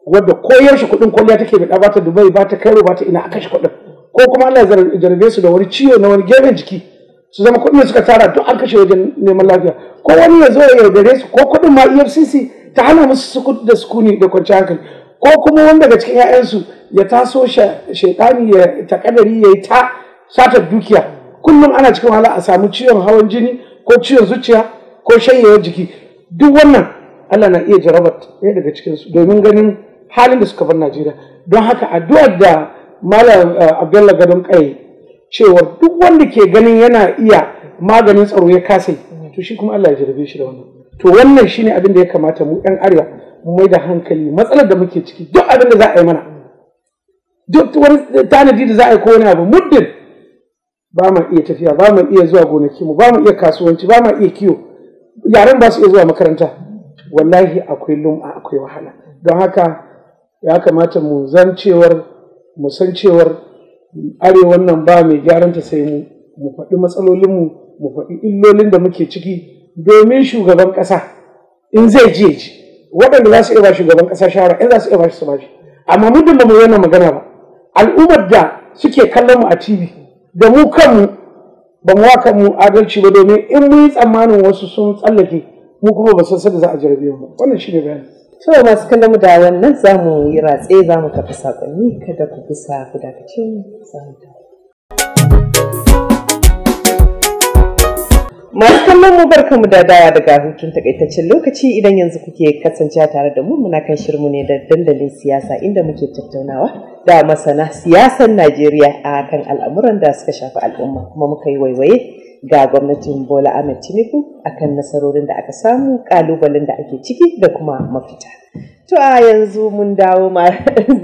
wadda koyar shi kuɗin kwalliya take da ba ta dubai ba ta kairo ba ta ina aka shi kuɗin ko kuma allah ya jarabe su da wani ciwo na wani gefen jiki su zama kuɗin da suka tara duk an kashe wajen neman lafiya ko wani ya zo ya yaudare su ko kuɗin ma efcc ta hana musu sukut da sukuni da kwanciyar hankali ko kuma wani daga cikin 'ya'yansu ya taso shaitani ya takadari ya yi ta satar dukiya kullum ana cikin wahala a samu ciwon hawan jini ko ciwon zuciya ko shanyewar jiki duk wannan Allah na iya jarabar ɗaya daga su domin ganin halin da suka bar Najeriya don haka addu'ar da Malam eh, Abdullahi Gadon Kai cewa duk wanda ke ganin yana iya maganin tsaro ya kasa to shi kuma Allah ya jarabe shi da wannan to wannan shine abin da ya kamata mu ɗan arewa mu mai da hankali matsalar da muke ciki duk abin da za a yi mana duk wani tanadi da za a yi ko wani abu muddin ba mu iya tafiya ba mu iya zuwa gonaki mu ba mu iya kasuwanci ba mu iya kiwo yaran ba su iya zuwa makaranta wallahi akwai lum'a akwai wahala don haka ya kamata mu zan mu san cewar arewan nan ba mai gyaran ta sai mu mu faɗi matsalolinmu mu faɗi illolin da muke ciki domin shugaban ƙasa in zai je ji waɗanda za su iya ba shugaban ƙasa shawara in za su iya ba shi su ba shi amma muddin ba mu yana magana ba al'ummar da suke kallon mu a tv da mu kanmu ba mu waka mu adalci ba domin in mun yi tsammanin wasu sun tsallake mu kuma ba san da za a jarabe mu wannan shine bayani To masu kallon da wannan za mu yi ratse za mu tafi saƙonni kada ku bisa ku dakacin za mu Masu kallon mu barka mu da dawa daga hutun takaitaccen lokaci idan yanzu kuke kasancewa tare da mu muna kan shirmu ne da dandalin siyasa inda muke tattaunawa da masana siyasan Najeriya a kan al'amuran da suka shafi al'umma kuma muka yi waiwaye ga gwamnatin Bola Ahmed Tinubu akan nasarorin da aka samu kalubalen da ake ciki da kuma mafita. To a yanzu mun dawo ma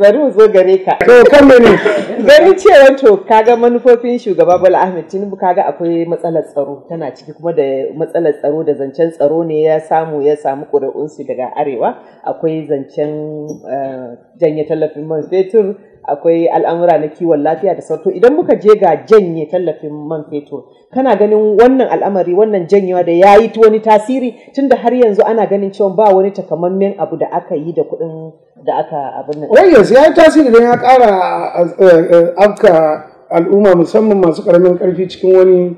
zaru zo gare ka. To ne Ganin cewa to kaga manufofin shugaba Bola Ahmed Tinubu kaga akwai matsalar tsaro tana ciki kuma da matsalar tsaro da zancen tsaro ne ya samu ya samu ƙuri'unsu daga arewa akwai zancen eh, janye tallafin man fetur akwai al'amura na kiwon lafiya da sauto idan muka je ga janye tallafin man fetur kana ganin wannan al'amari wannan janyewa da ya yi wani tasiri tunda har yanzu ana ganin cewa ba wani takamammen abu da aka yi da kuɗin da aka abin nan. Wai yanzu ya yi tasiri don ya ƙara eh, eh, afka al'umma musamman masu ƙaramin ƙarfi cikin wani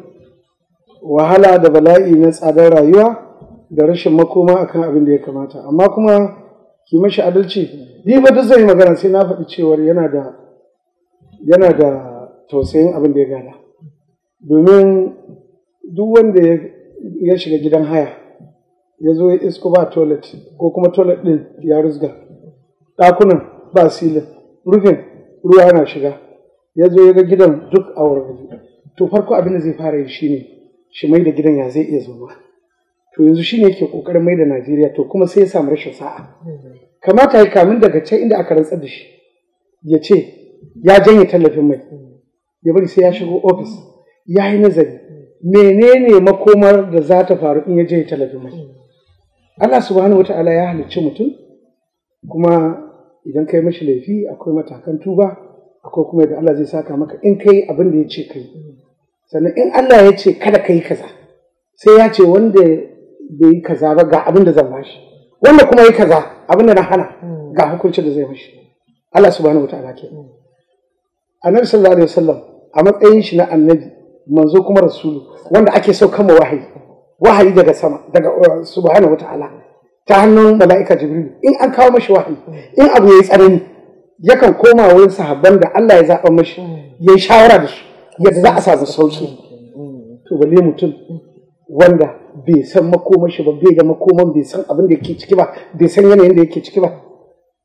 wahala da bala'i na tsadar rayuwa da rashin makoma akan abin da ya kamata amma kuma ki mashi adalci ni ba duk zai magana sai na faɗi cewar yana da yana da tausayin abin da ya gada domin duk wanda ya shiga gidan haya ya zo ya isko ba toilet ko kuma toilet ɗin ya rusga ɗakunan ba silin rufin ruwa yana shiga ya zo ya ga gidan duk a wurin to farko abin da zai fara yi shine shi mai da gidan ya zai iya zama to yanzu shine yake kokarin mai da Najeriya to kuma sai ya samu rashin sa'a kamata ya kamin daga can inda aka rantsar da shi ya ce ya janye tallafin mai ya bari sai ya shigo ofis ya yi nazari menene makomar da za ta faru in ya janye tallafin mai Allah wata ala ya halicci mutum kuma idan kai mashi laifi akwai matakan tuba akwai kuma da Allah zai saka maka in kai abin da ya ce kai sannan in Allah ya ce kada ka yi kaza sai ya ce wanda Bai yi kaza ba ga abin da zan bashi wanda kuma yi kaza abin da na hana hmm. ga hukuncin da zai bashi. Allah subhanahu wataala ke annabi sallallahu alaihi wasallam a matsayin shi na annabi manzo kuma rasulu wanda ake so kama wahayi wahayi daga sama daga uh, subhanahu wataala ta hannun mala'ika jibril in an kawo mashi wahayi in abu ya yi tsanani yakan koma wurin sahabban da Allah ya zaba mashi hmm. ya yi shawara da shi, yadda za a samu sauki hmm. to balle mutum wanda bai san makomar shi ba bai ga makoman bai san abin da yake ciki ba bai san yanayin da yake ciki ba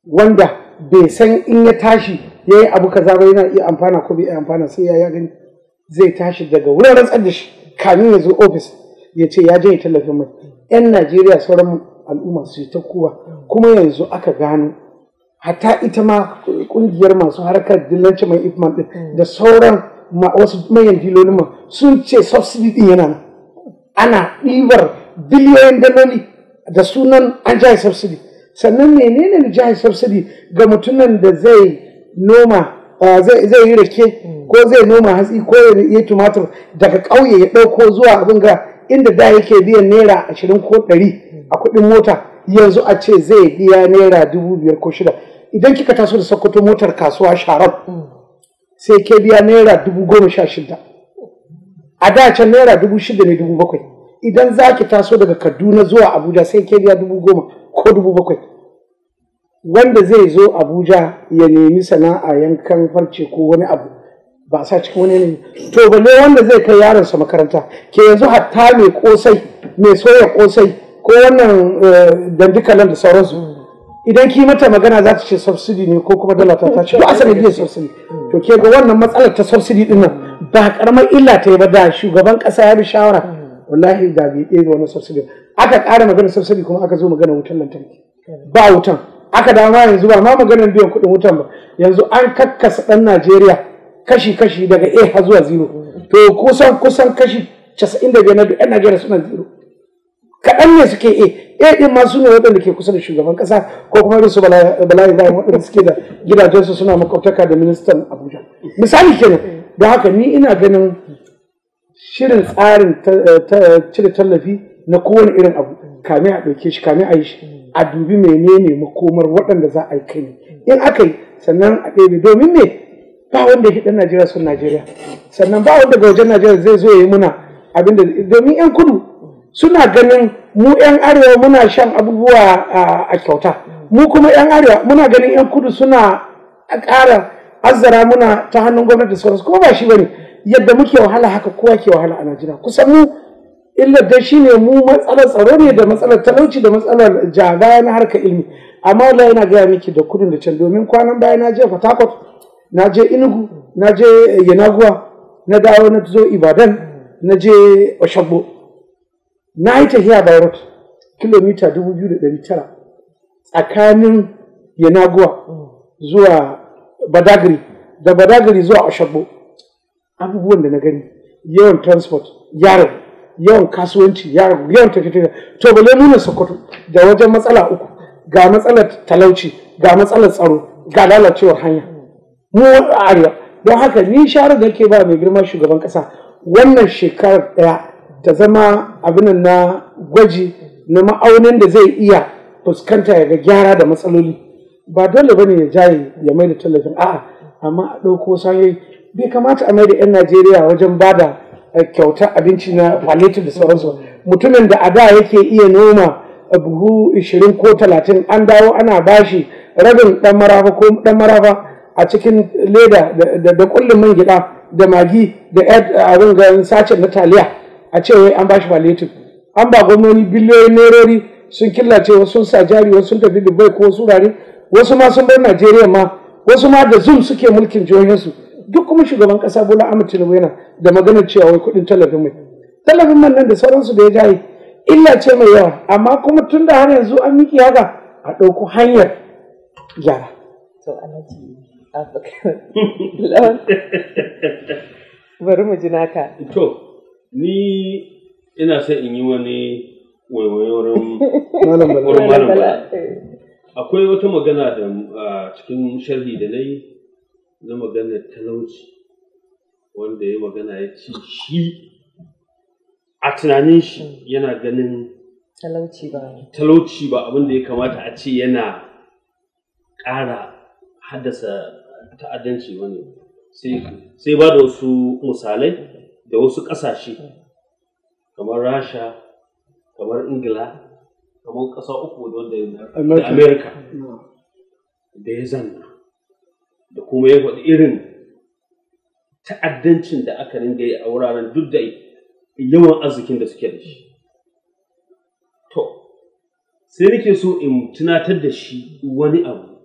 wanda bai san in ya tashi ya yi abu kaza ba yana iya amfana ko bai iya amfana sai ya ya gani zai tashi daga wurin rantsar da shi kamin ya zo ofis ya ce ya je ya tallafin mai yan najeriya sauran al'umma su ta kowa kuma yanzu aka gano hatta ita ma kungiyar masu harkar dillanci mai ifman din da sauran wasu manyan dilolin sun ce subsidy din yana nan ana ɗibar biliyoyin daloli da sunan an jihar subsidy sannan menene jihar subsidy ga mutumin da zai noma zai yi rake ko zai noma hatsi ko ya yi tumatur daga ƙauye ya ɗauko zuwa abin ga inda da yake biyan naira ashirin ko ɗari a kuɗin mota yanzu a ce zai biya naira dubu biyar ko shida idan kika taso da sokoto motar kasuwa Sharon sai ke biya naira dubu goma sha shida a da can naira dubu shida ne dubu bakwai idan za ki taso daga kaduna zuwa abuja sai ke biya dubu goma ko dubu bakwai wanda zai zo abuja ya nemi sana'a yankan farce ko wani abu ba sa cikin wani ne to balle wanda zai kai sa makaranta ke yanzu hatta mai kosai mai soya kosai ko wannan eh, dandikalan da sauransu idan ki mata magana za ta ce subsidy ne ko kuma dala ta ce ba a sanadiyar subsidy to ke ga wannan matsalar ta subsidy din nan ba karamar illa ta yi ba da shugaban kasa ya bi shawara wallahi ga bi ɗaya wani subsidy aka ƙara magana subsidy kuma aka zo magana wutan lantarki ba wutan aka dama yanzu ba ma maganar biyan kuɗin wutan ba yanzu an kakkasa ɗan najeriya kashi-kashi daga a har zuwa zero to kusan kusan kashi casa'in da biyar na duk 'yan najeriya suna zero kaɗan ne suke a a ɗin ma su ne waɗanda ke kusa da shugaban ƙasa ko kuma irin su bala'i bayan waɗanda suke da gidajensu suna makwabtaka da ministan abuja misali kenan da haka ni ina ganin shirin tsarin eh, eh, cire tallafi na kowane irin abu kame a ɗauke shi kame a yi shi a dubi menene makomar waɗanda za a yi kai in aka yi sannan a ɗebe domin me ba wanda ya ɗan Najeriya sun Najeriya sannan ba wanda ga wajen Najeriya zai zo ya yi muna abinda domin 'yan kudu suna ganin mu 'yan arewa muna shan abubuwa a kyauta mu kuma 'yan arewa muna ganin 'yan kudu suna ƙara azzara muna ta hannun gwamnati sauransu kuma ba shi bane yadda muke wahala haka kowa ke wahala a Najeriya kusan mu illar dai shine mu matsalar tsaro ne da matsalar talauci da matsalar jaba na harka ilimi amma wallahi yana gaya miki da kudin da can domin kwanan baya na je Fatakot na je Enugu na je Yanaguwa na dawo na zo Ibadan na je Oshogbo na yi tafiya by road kilomita 2900 tsakanin Yanaguwa zuwa badagari da badagari zuwa ashabo abubuwan da na gani yawan transport ya yawan kasuwanci ya rabu yawan tafiya to bale nuna sokoto da wajen matsala uku ga matsalar talauci ga matsalar tsaro ga lalacewar hanya mu a arewa don haka ni sharar da ke ba mai girma shugaban kasa wannan shekarar daya ta zama abin na gwaji na ma'aunin da zai iya fuskanta ya ga gyara da matsaloli ba dole ba ne ya jaye ya mai da tallafin a'a amma a ɗauko sayayi. bai kamata a mai da 'yan najeriya wajen ba da eh, kyauta abinci na palatin da sauransu mutumin da a da yake iya noma a buhu 20 ko 30 an dawo ana bashi rabin dan marafa ko dan marafa a cikin leda da kullum man gida da magi da eh, abin garin sacin na taliya a cewa wai an bashi palatin an ba gwamnoni biliyoyin nerori sun killace wasu sun sa jari wasu sun tafi dubai ko wasu wurare wasu ma sun bar najeriya ma wasu ma da zum suke mulkin jihohinsu duk kuma shugaban kasa bola ahmed tinubu yana da maganar cewa wai kudin talabin mai talabin man nan da sauransu da ya jaye illa ce mai yawa amma kuma tun da har yanzu an miki haka a ɗauko hanyar gyara bari mu ji naka to ni ina sai in yi wani waiwayorin malam bala akwai wata magana da cikin sharhi da na yi na maganar talauci wanda ya magana ya ce shi a tunanin shi yana ganin talauci ba talauci abin da ya kamata a ce yana ƙara haddasa ta'addanci wani sai ba da wasu misalai da wasu ƙasashe kamar rasha kamar ingila kamar ƙasa uku da wanda ya da amerika da ya zanna da kuma ya faɗi irin ta'addancin da aka ringa yi a wuraren duk da yawan arzikin da suke da shi to sai nake so in tunatar da shi wani abu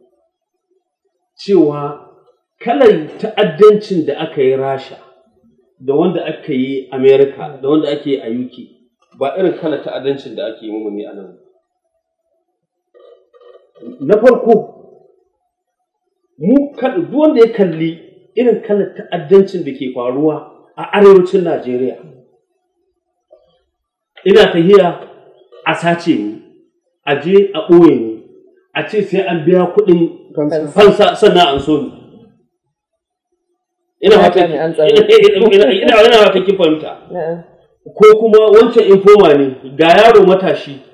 cewa kalar ta'addancin da aka yi rasha da wanda aka yi amerika da wanda ake yi a uk ba irin kalar ta'addancin da ake yi mu ne a nan ba. na farko mu wanda ya kalli irin kalar ta'addancin da ke faruwa a arewacin Najeriya ina tahiya a sace ni a je a ɓoye ni a ce sai an biya kuɗin fansa sannan an so ni ina wata ina ko kuma wancan infoma ne ga yaro matashi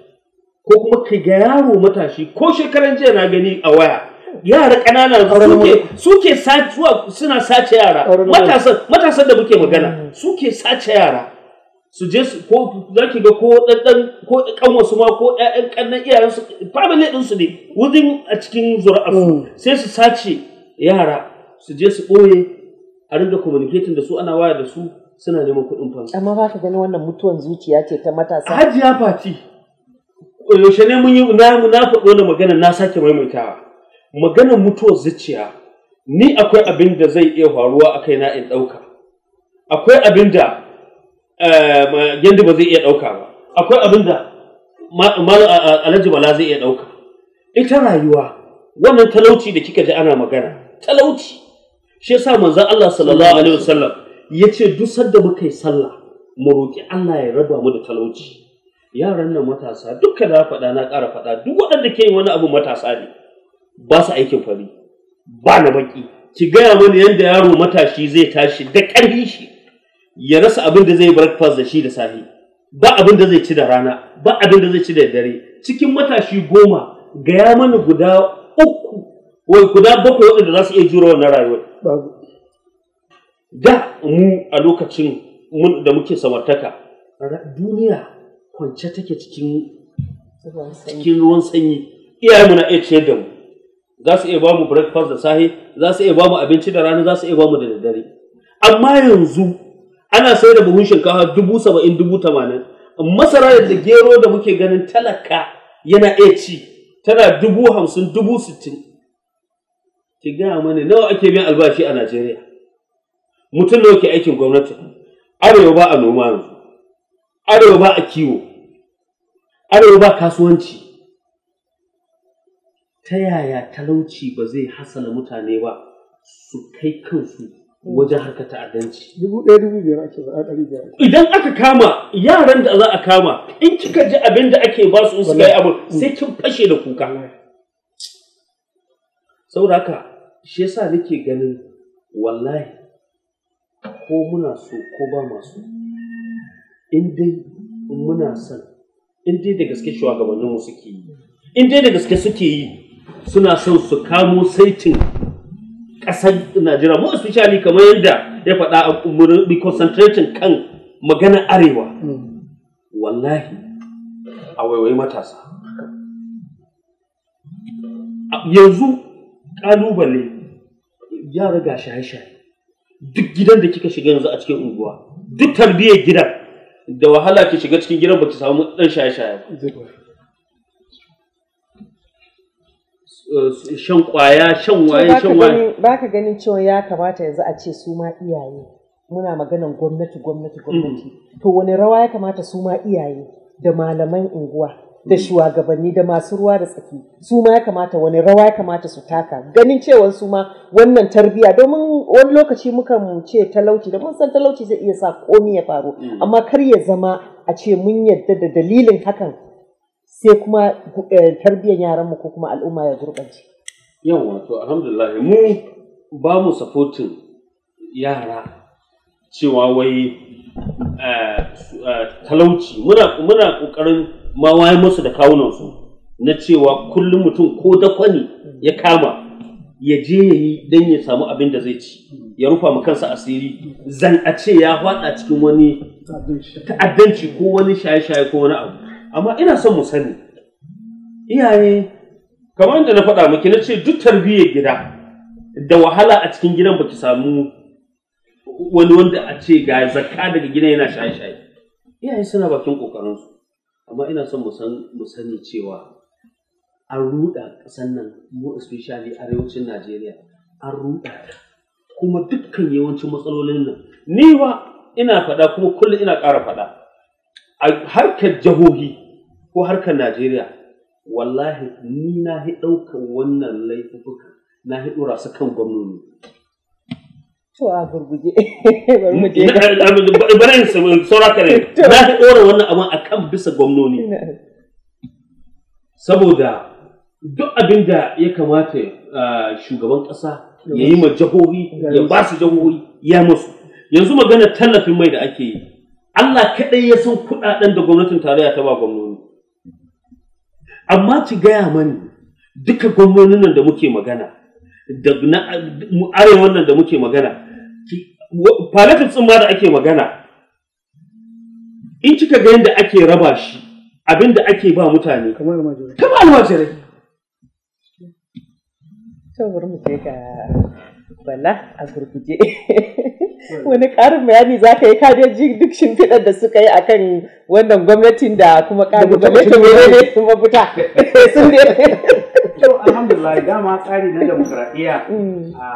ko kuma ka ga yaro matashi ko shekaran jiya na gani a waya yara ƙanana suke suke suna sace yara matasan da muke magana hmm. suke sace yara su je su ko za ki ga ko ɗanɗan ko wasu ma ko ƴaƴan ƙannan iyayensu family ɗinsu ne wudin a cikin zuri'arsu hmm. sai su sace yara su je su ɓoye a ringa communicating da su ana waya da su suna neman kuɗin fansa amma ba ka gani wannan mutuwan zuciya ce ta matasa hajiya fati yaushe ne mun yi na na faɗo da magana na sake maimaitawa maganar mutuwar zuciya ni akwai abin da zai iya faruwa a kaina in ɗauka akwai abin da eh, yadda ba zai iya ɗauka ba akwai abin da alhaji bala zai iya ɗauka ita rayuwa wannan talauci da kika ji ana magana talauci shi yasa manzo Allah sallallahu alaihi wasallam yace duk sanda muka yi sallah mu roƙi Allah ya raba mu da talauci yaran nan matasa duka na faɗa na ƙara faɗa duk waɗanda ke yin wani abu matasa ne ba su aikin fari ba na baƙi ki gaya mana yadda yaro matashi zai tashi da ƙarfi shi ya rasa abin da zai breakfast da shi da safe ba abin da zai ci da rana ba abin da zai ci da dare cikin matashi goma gaya mana guda uku wai guda bakwai waɗanda za su iya jura wannan rayuwar da mu a lokacin da muke samartaka duniya kwance take cikin cikin ruwan sanyi iyayenmu na iya ciyar da mu za su iya ba mu breakfast da sahi, za su iya bamu abinci da rana za su iya bamu da daddare amma yanzu ana sayar da buhun shinkafa dubu saba'in dubu tamanin masara da gero da muke ganin talaka yana iya ci tana dubu hamsin dubu sittin ki gaya mana nawa ake bin albashi a najeriya mutum nawa ke aikin gwamnati arewa ba a noma yanzu arewa ba a kiwo arewa ba kasuwanci ta yaya talauci ba zai hasala mutane ba su kai kansu wajen harka ta'addanci idan aka kama yaran da za a kama in kika ji abin da ake ba su in su kai abu sai kin fashe da kuka saboda haka shi yasa nake ganin wallahi ko muna so ko ba masu in dai muna son in dai da gaske shugabanninmu suke yi in dai da gaske suke yi suna son su kamo saitin ƙasar najeriya mu especially kamar yadda ya faɗa a umurin concentrating kan maganar arewa wallahi a waiwai matasa yanzu ƙalubale yara ga shaye-shaye duk gidan da kika shiga yanzu a cikin unguwa duk tarbiyyar gidan da wahala ki shiga cikin gidan ta samu dan shaye-shaye eh, shan kwaya shan waye shan waye ba ka ganin cewa ya kamata yanzu a ce su ma iyaye muna maganan gwamnati gwamnati gwamnati mm. to wani rawa ya kamata su ma iyaye da malaman unguwa da shugabanni da masu ruwa da tsaki su ma ya kamata wani rawa ya kamata su taka ganin cewa su ma wannan tarbiya domin wani lokaci mukan ce talauci da mun san talauci zai iya sa komi ya faru mm. amma kar ya zama a ce mun yadda da dalilin hakan sai kuma eh, tarbiyyar yaran mu ko kuma al'umma ya gurɓace Yan wato alhamdulillah mu ba mu supportin yara cewa wai eh, eh, talauci muna muna kokarin ma waye musu da su na cewa kullum mutum ko da kwani ya kama ya je ya yi don ya samu abin da zai ci ya rufa ma kansa asiri zan a ce ya faɗa cikin wani ta'addanci ko wani shaye-shaye ko wani abu amma ina son mu sani iyaye kamar da na faɗa miki, na ce duk tarbiyyar gida da wahala a cikin gidan baki samu wani wanda a ce ga zakka daga gidan yana shaye-shaye iyaye suna bakin ƙoƙarinsu amma ina son mu sani cewa an ruɗa ƙasar nan mu especially arewacin Najeriya an ruɗa kuma dukkan yawancin matsalolin nan ni ba ina faɗa kuma kullum ina ƙara faɗa a harkar jihohi ko harkar Najeriya wallahi ni na hi ɗaukar wannan laifuka na hi ɗora su kan gwamnoni To a gurguje. Bari saura ka ne. ɗora wannan abin a kan bisa gwamnoni. Saboda duk abin da ya kamata shugaban ƙasa ya yi ma jahohi, ya ba su jahohi, ya musu. Yanzu magana tallafin mai da ake yi. Allah kaɗai ya san kuɗaɗen da gwamnatin tarayya ta ba gwamnoni. Amma ki gaya mani duka gwamnonin nan da muke magana, da arewa da muke magana, palatin tsumma da ake magana in kika ga yadda ake raba shi abin da ake ba mutane kamar almajirai kamar almajirai to bari mu je ga bala a gurguje wani karin bayani za ka yi ka ji duk shimfiɗar da suka yi akan wannan gwamnatin da kuma ƙalubale ta ne sun mafuta sun to alhamdulillah dama tsari na demokradiyya mm. a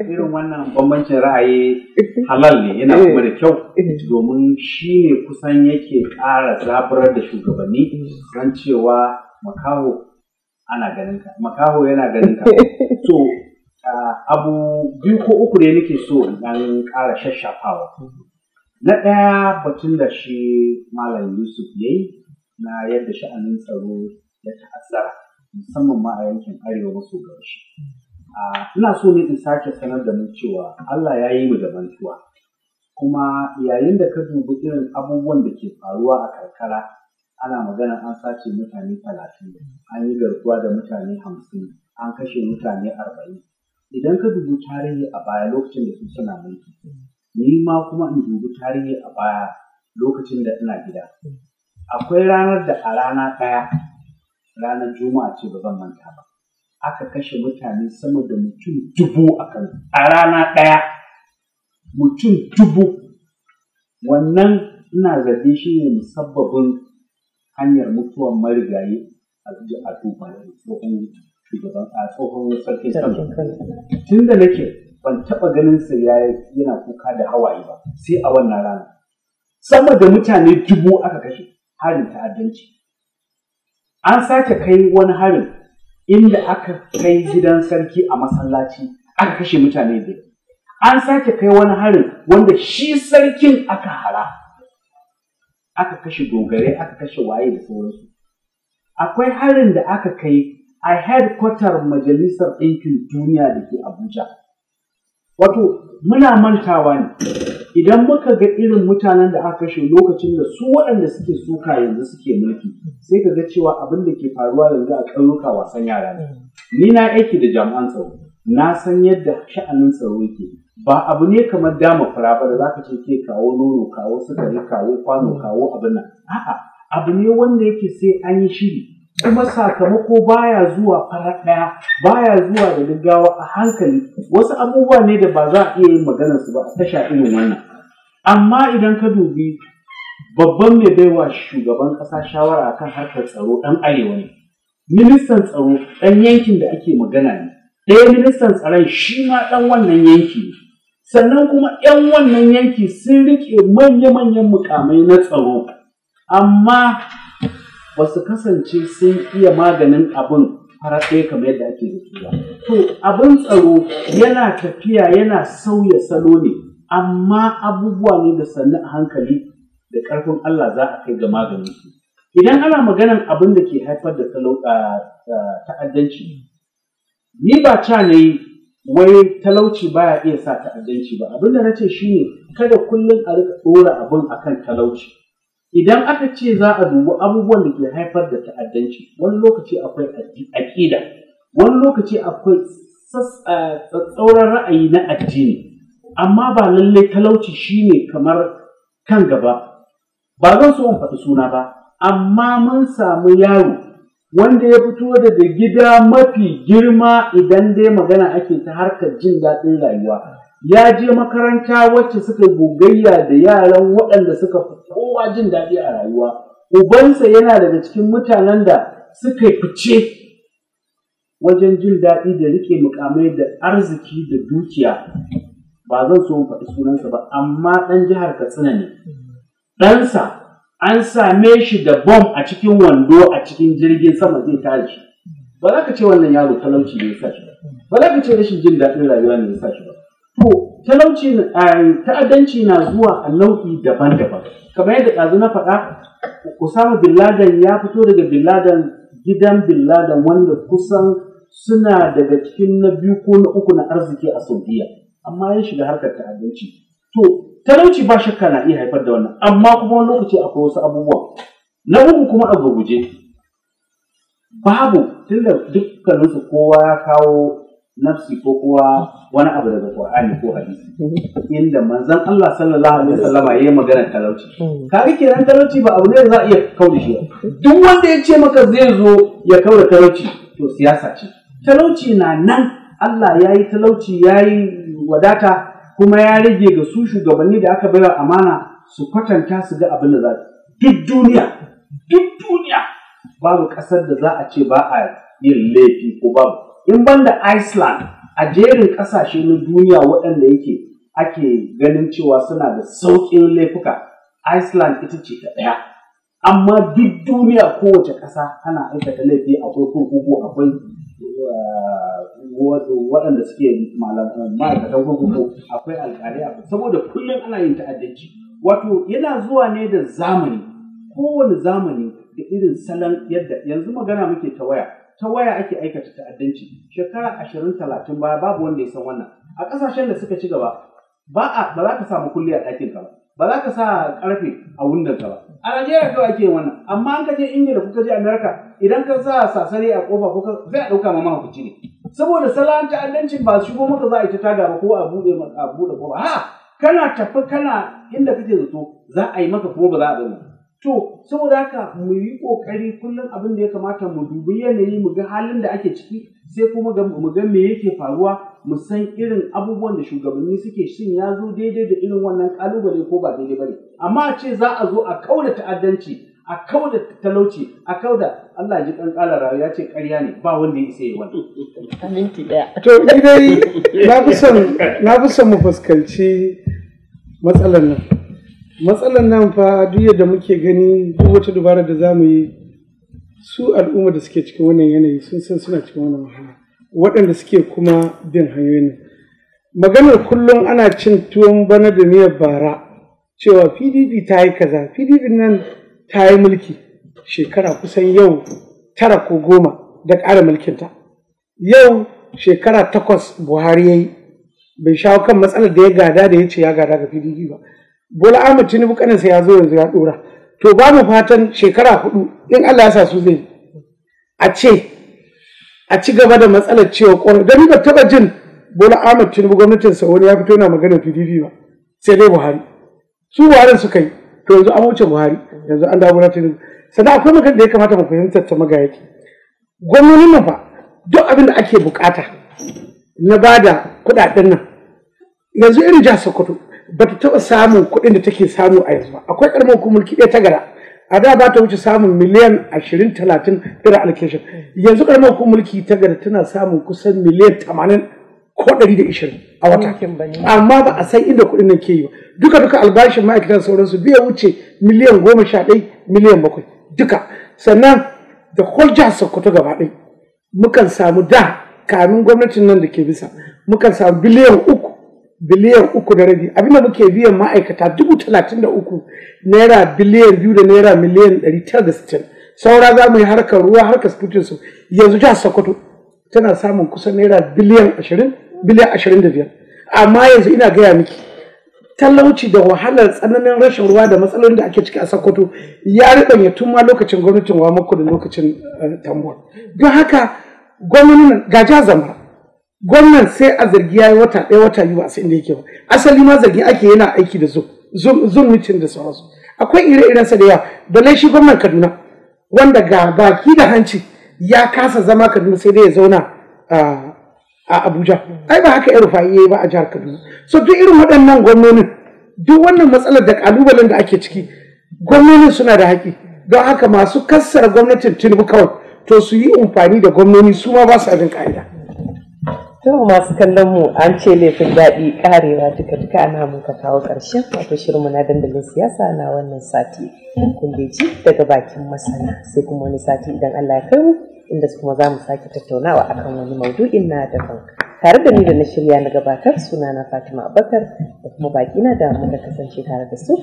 irin wannan bambancin ra'ayi halal ne yana kuma da kyau mm. domin shi ne kusan yake ƙara zaburar da shugabanni don cewa makaho ana ganin ka makaho yana ganin ka to abu biyu ko uku ne nake so in dan ƙara shashafawa na ɗaya batun da shi malam yusuf ya na yadda sha'anin tsaro ya ta'azzara musamman ma a yankin arewa maso gabashi ina so ne in sake sanar da mu cewa allah ya yi mu da mantuwa kuma yayin da ka dubi irin abubuwan da ke faruwa a karkara ana magana an sace mutane talatin an yi garkuwa da mutane hamsin an kashe mutane arba'in idan ka dubi tarihi a baya lokacin da su suna mulki ni ma kuma in dubi tarihi a baya lokacin da ina gida akwai ranar da a rana ɗaya ranar juma'a ce ba zan manta ba aka kashe mutane sama da mutum dubu a kan a rana ɗaya mutum dubu wannan ina zargin shi ne musabbabin hanyar mutuwar marigayi a duba tsohon shugaban a tsohon sarkin tun da nake ban taɓa ganin sa ya yana kuka da hawaye ba sai a wannan rana sama da mutane dubu aka kashe harin ta'addanci an sake kai wani harin inda aka kai gidan sarki a masallaci aka kashe mutane da an sake kai wani harin wanda shi sarkin aka hara aka kashe dogare aka kashe waye da sauransu akwai harin da aka kai a headquarter majalisar ɗinkin duniya da ke abuja wato muna mantawa ne idan muka ga irin mutanen da aka kashe lokacin da su waɗanda suke suka yanzu suke mulki sai ka ga cewa abin da ke faruwa yanzu a ƙauyuka wasan yara ne ni na aiki da jami'an tsaro na san yadda sha'anin tsaro yake ba abu ne kamar dama fura ba da za ka ce ke kawo nono kawo sukari kawo kwano kawo abin nan a'a abu ne wanda yake sai an yi shiri kuma sakamako baya zuwa farat ɗaya baya zuwa da gaggawa a hankali wasu abubuwa ne da ba za a iya yin maganar su ba a tasha irin wannan amma idan ka dubi babban mai baiwa shugaban ƙasa shawara akan harkar tsaro dan arewa ne ministan tsaro ɗan yankin da ake magana ne ɗaya ministan tsaron shi ma ɗan wannan yanki ne sannan kuma 'yan wannan yanki sun rike manya-manyan mukamai na tsaro amma ba su kasance sun iya maganin abin fara ɗaya kamar yadda ake da ba. To abin tsaro yana tafiya yana sauya salo ne amma abubuwa ne da sannu a hankali da ƙarfin Allah za a kai ga maganin su. Idan ana maganan abin da ke haifar da ta'addanci, ni ba ca ne wai talauci baya iya sa ta'addanci ba abin da na ce shi ne kada kullum a rika ɗora abin kan talauci. idan aka ce za a dubi abubuwan da ke haifar da ta'addanci wani lokaci akwai aƙida wani lokaci akwai tsatsauran ra'ayi na addini amma ba lallai talauci shine kamar kan gaba ba zan so in faɗi suna ba amma mun samu yaro wanda ya fito daga gida mafi girma idan dai magana ake ta harkar jin daɗin rayuwa ya je makaranta wacce suka gogayya da yaran waɗanda suka fi kowa jin daɗi a rayuwa ubansa yana daga cikin mutanen da suka fice wajen jin daɗi da riƙe mukamai da arziki da dukiya ba zan so in faɗi sunansa ba amma ɗan jihar katsina ne ɗansa an same shi da bom a cikin wando a cikin jirgin sama zai tashi ba za ka ce wannan yaro talauci ne ya sa shi ba ba za ka ce rashin jin daɗin rayuwa ne ya sa shi ba To, talauci eh, ta'addanci na zuwa a nau'i daban-daban. Kamar yadda ɗazu na faɗa, Usama Bin Laden ya fito daga Bin gidan Bin Laden wanda kusan suna daga cikin na biyu ko na uku na arziki a Saudiya, amma ya shiga harkar ta'addanci. To, talauci ba shakka na iya haifar da wannan, amma kuma wani lokaci akwai wasu abubuwa. Na uku kuma a guje. babu tunda dukkaninsu kowa ya kawo nafsi ko kowa wani abu daga Qur'ani ko hadisi inda manzon Allah sallallahu alaihi wasallama yayi magana talauci hmm. ke nan talauci ba abu ne da za a iya kauda shi ba. duk wanda ya ce maka zai zo ya kauda talauci to siyasa ce talauci na nan Allah ya yi talauci ya yi wadata kuma ya rage ga su shugabanni da aka baiwa amana su kwatanta su ga abin da za duk duniya duk duniya babu ƙasar da za a ce ba a yin laifi ko babu in banda Iceland a jerin ƙasashe na duniya waɗanda yake ake ganin cewa suna da sauƙin laifuka iceland ita ce ta ɗaya amma duk duniya kowace ƙasa tana aikata laifi akwai kurkuku akwai eh, waɗanda suke ma'aikatan kurkuku akwai alƙalai saboda kullum ana yin ta'addanci wato yana zuwa ne da zamani kowane zamani da irin salon yadda yanzu magana muke ta waya ta waya ake aikata ta'addanci shekara ashirin talatin baya babu wanda ya san wannan a ƙasashen da suka ci gaba ba a ba za ka samu kulli a ɗakin ka ba ba za ka sa karfe a wundan ka ba a Najeriya kawai ake wannan amma an ka je Ingila kuka ka je amerika idan ka sa sasare a kofa ko zai a ɗauka ma mahaukaci ne saboda salon ta'addancin ba shigo maka za a ita taga ba ko a buɗe a buɗe ba ha kana tafi kana inda kake zato za a yi maka kuma ba za a bai To, saboda haka mu yi ƙoƙari kullum abin da ya kamata mu dubi yanayi mu ga halin da ake ciki sai kuma mu ga me yake faruwa mu san irin abubuwan da shugabanni suke shin ya zo daidai da irin wannan kalubale ko ba daidai ba ne. Amma a ce za a zo a kauda ta'addanci a kauda talauci a kauda Allah ji kan kala rayuwa ce ƙarya ne ba wanda ya isa yi wannan. Aminti ɗaya. To ni dai na fi son mu fuskanci matsalar nan. matsalar nan fa duk yadda muke gani duk wata dubara da za mu yi su al'umma da suke cikin wannan yanayi sun san suna cikin wannan wahala waɗanda suke kuma bin hanyoyin maganar kullum ana cin tuwon bana da miyar bara cewa pdp ta yi kaza pdp nan ta yi mulki shekara kusan yau tara ko goma da ƙara mulkinta yau shekara takwas buhari ya yi bai shawo kan matsalar da ya gada da ya ce ya gada ga pdp ba bola ahmad tinubu kaninsa ya zo yanzu ya dora to ba mu fatan shekara hudu in allah ya sa su zai a ce a ci gaba da matsalar cewa kwarar da ba taba jin bola ahmad tinubu sa wani ya fito yana magana pdp ba sai dai buhari su buhari suka yi to yanzu an wuce buhari yanzu an dawo na tinubu sannan akwai magana da ya kamata mu fahimtar ta maga yake gwamnonin nan fa duk abin da ake bukata na bada kudaden nan yanzu irin jihar sokoto ba ta taɓa samun kuɗin da take samu a yanzu ba akwai ƙaramar hukumar ɗaya ta gara a da ba ta wuce samun miliyan ashirin talatin dala allocation yanzu ƙaramar hukumar mulki ta gara tana samun kusan miliyan tamanin ko ɗari da ishirin a wata amma ba a san inda kuɗin nan ke yi ba duka duka albashin ma'aikatan sauransu bai wuce miliyan goma sha ɗai miliyan bakwai duka sannan da whole jihar sokoto gaba ɗai mukan samu da kamin gwamnatin nan da ke bisa mukan samu biliyan uku biliyan uku da rabi abinda muke biyan ma'aikata dubu talatin da uku naira biliyan biyu da naira miliyan ɗari tara da sittin saura za mu yi harkar ruwa harkar sufurin su yanzu jihar sokoto tana samun kusan naira biliyan ashirin biliyan ashirin da biyar amma yanzu ina gaya miki talauci da wahalar tsananin rashin ruwa da matsalolin da ake ciki a sokoto ya riɓanya tun ma lokacin gwamnatin wa da lokacin eh, tambuwa don haka gwamnatin ga jihar zamfara gwamnan sai a zargi ya yi wata ɗaya wata biyu ba sai inda yake ba asali ma zargi ake yana aiki da zoom da sauransu akwai ire-iren sa da yawa balle shi gwamnan kaduna wanda ga baki da hanci ya kasa zama kaduna sai dai ya zauna a abuja ai ba haka irufa iya ba a jihar kaduna so duk irin waɗannan gwamnonin duk wannan matsalar da ƙalubalen da ake ciki gwamnoni suna da haƙi don haka masu kassara gwamnatin tinubu kawai to su yi amfani da gwamnoni su ma ba su abin ƙa'ida To masu kallon mu an ce laifin daɗi ƙarewa duka duka ana mun ka kawo ƙarshen wato shirinmu na dandalin siyasa na wannan sati. Kun ji daga bakin masana sai kuma wani sati idan Allah ya kai mu inda kuma za mu sake tattaunawa akan wani maudu'in na daban. Tare da ni da na shirya na gabatar suna na Fatima Abubakar da kuma baki na da muka kasance tare da su.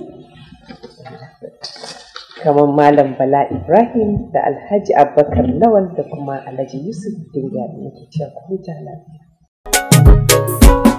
Kamar Malam Bala Ibrahim da Alhaji Abubakar Lawal da kuma Alhaji Yusuf Dinga da ke cewa ku huta lafiya. Música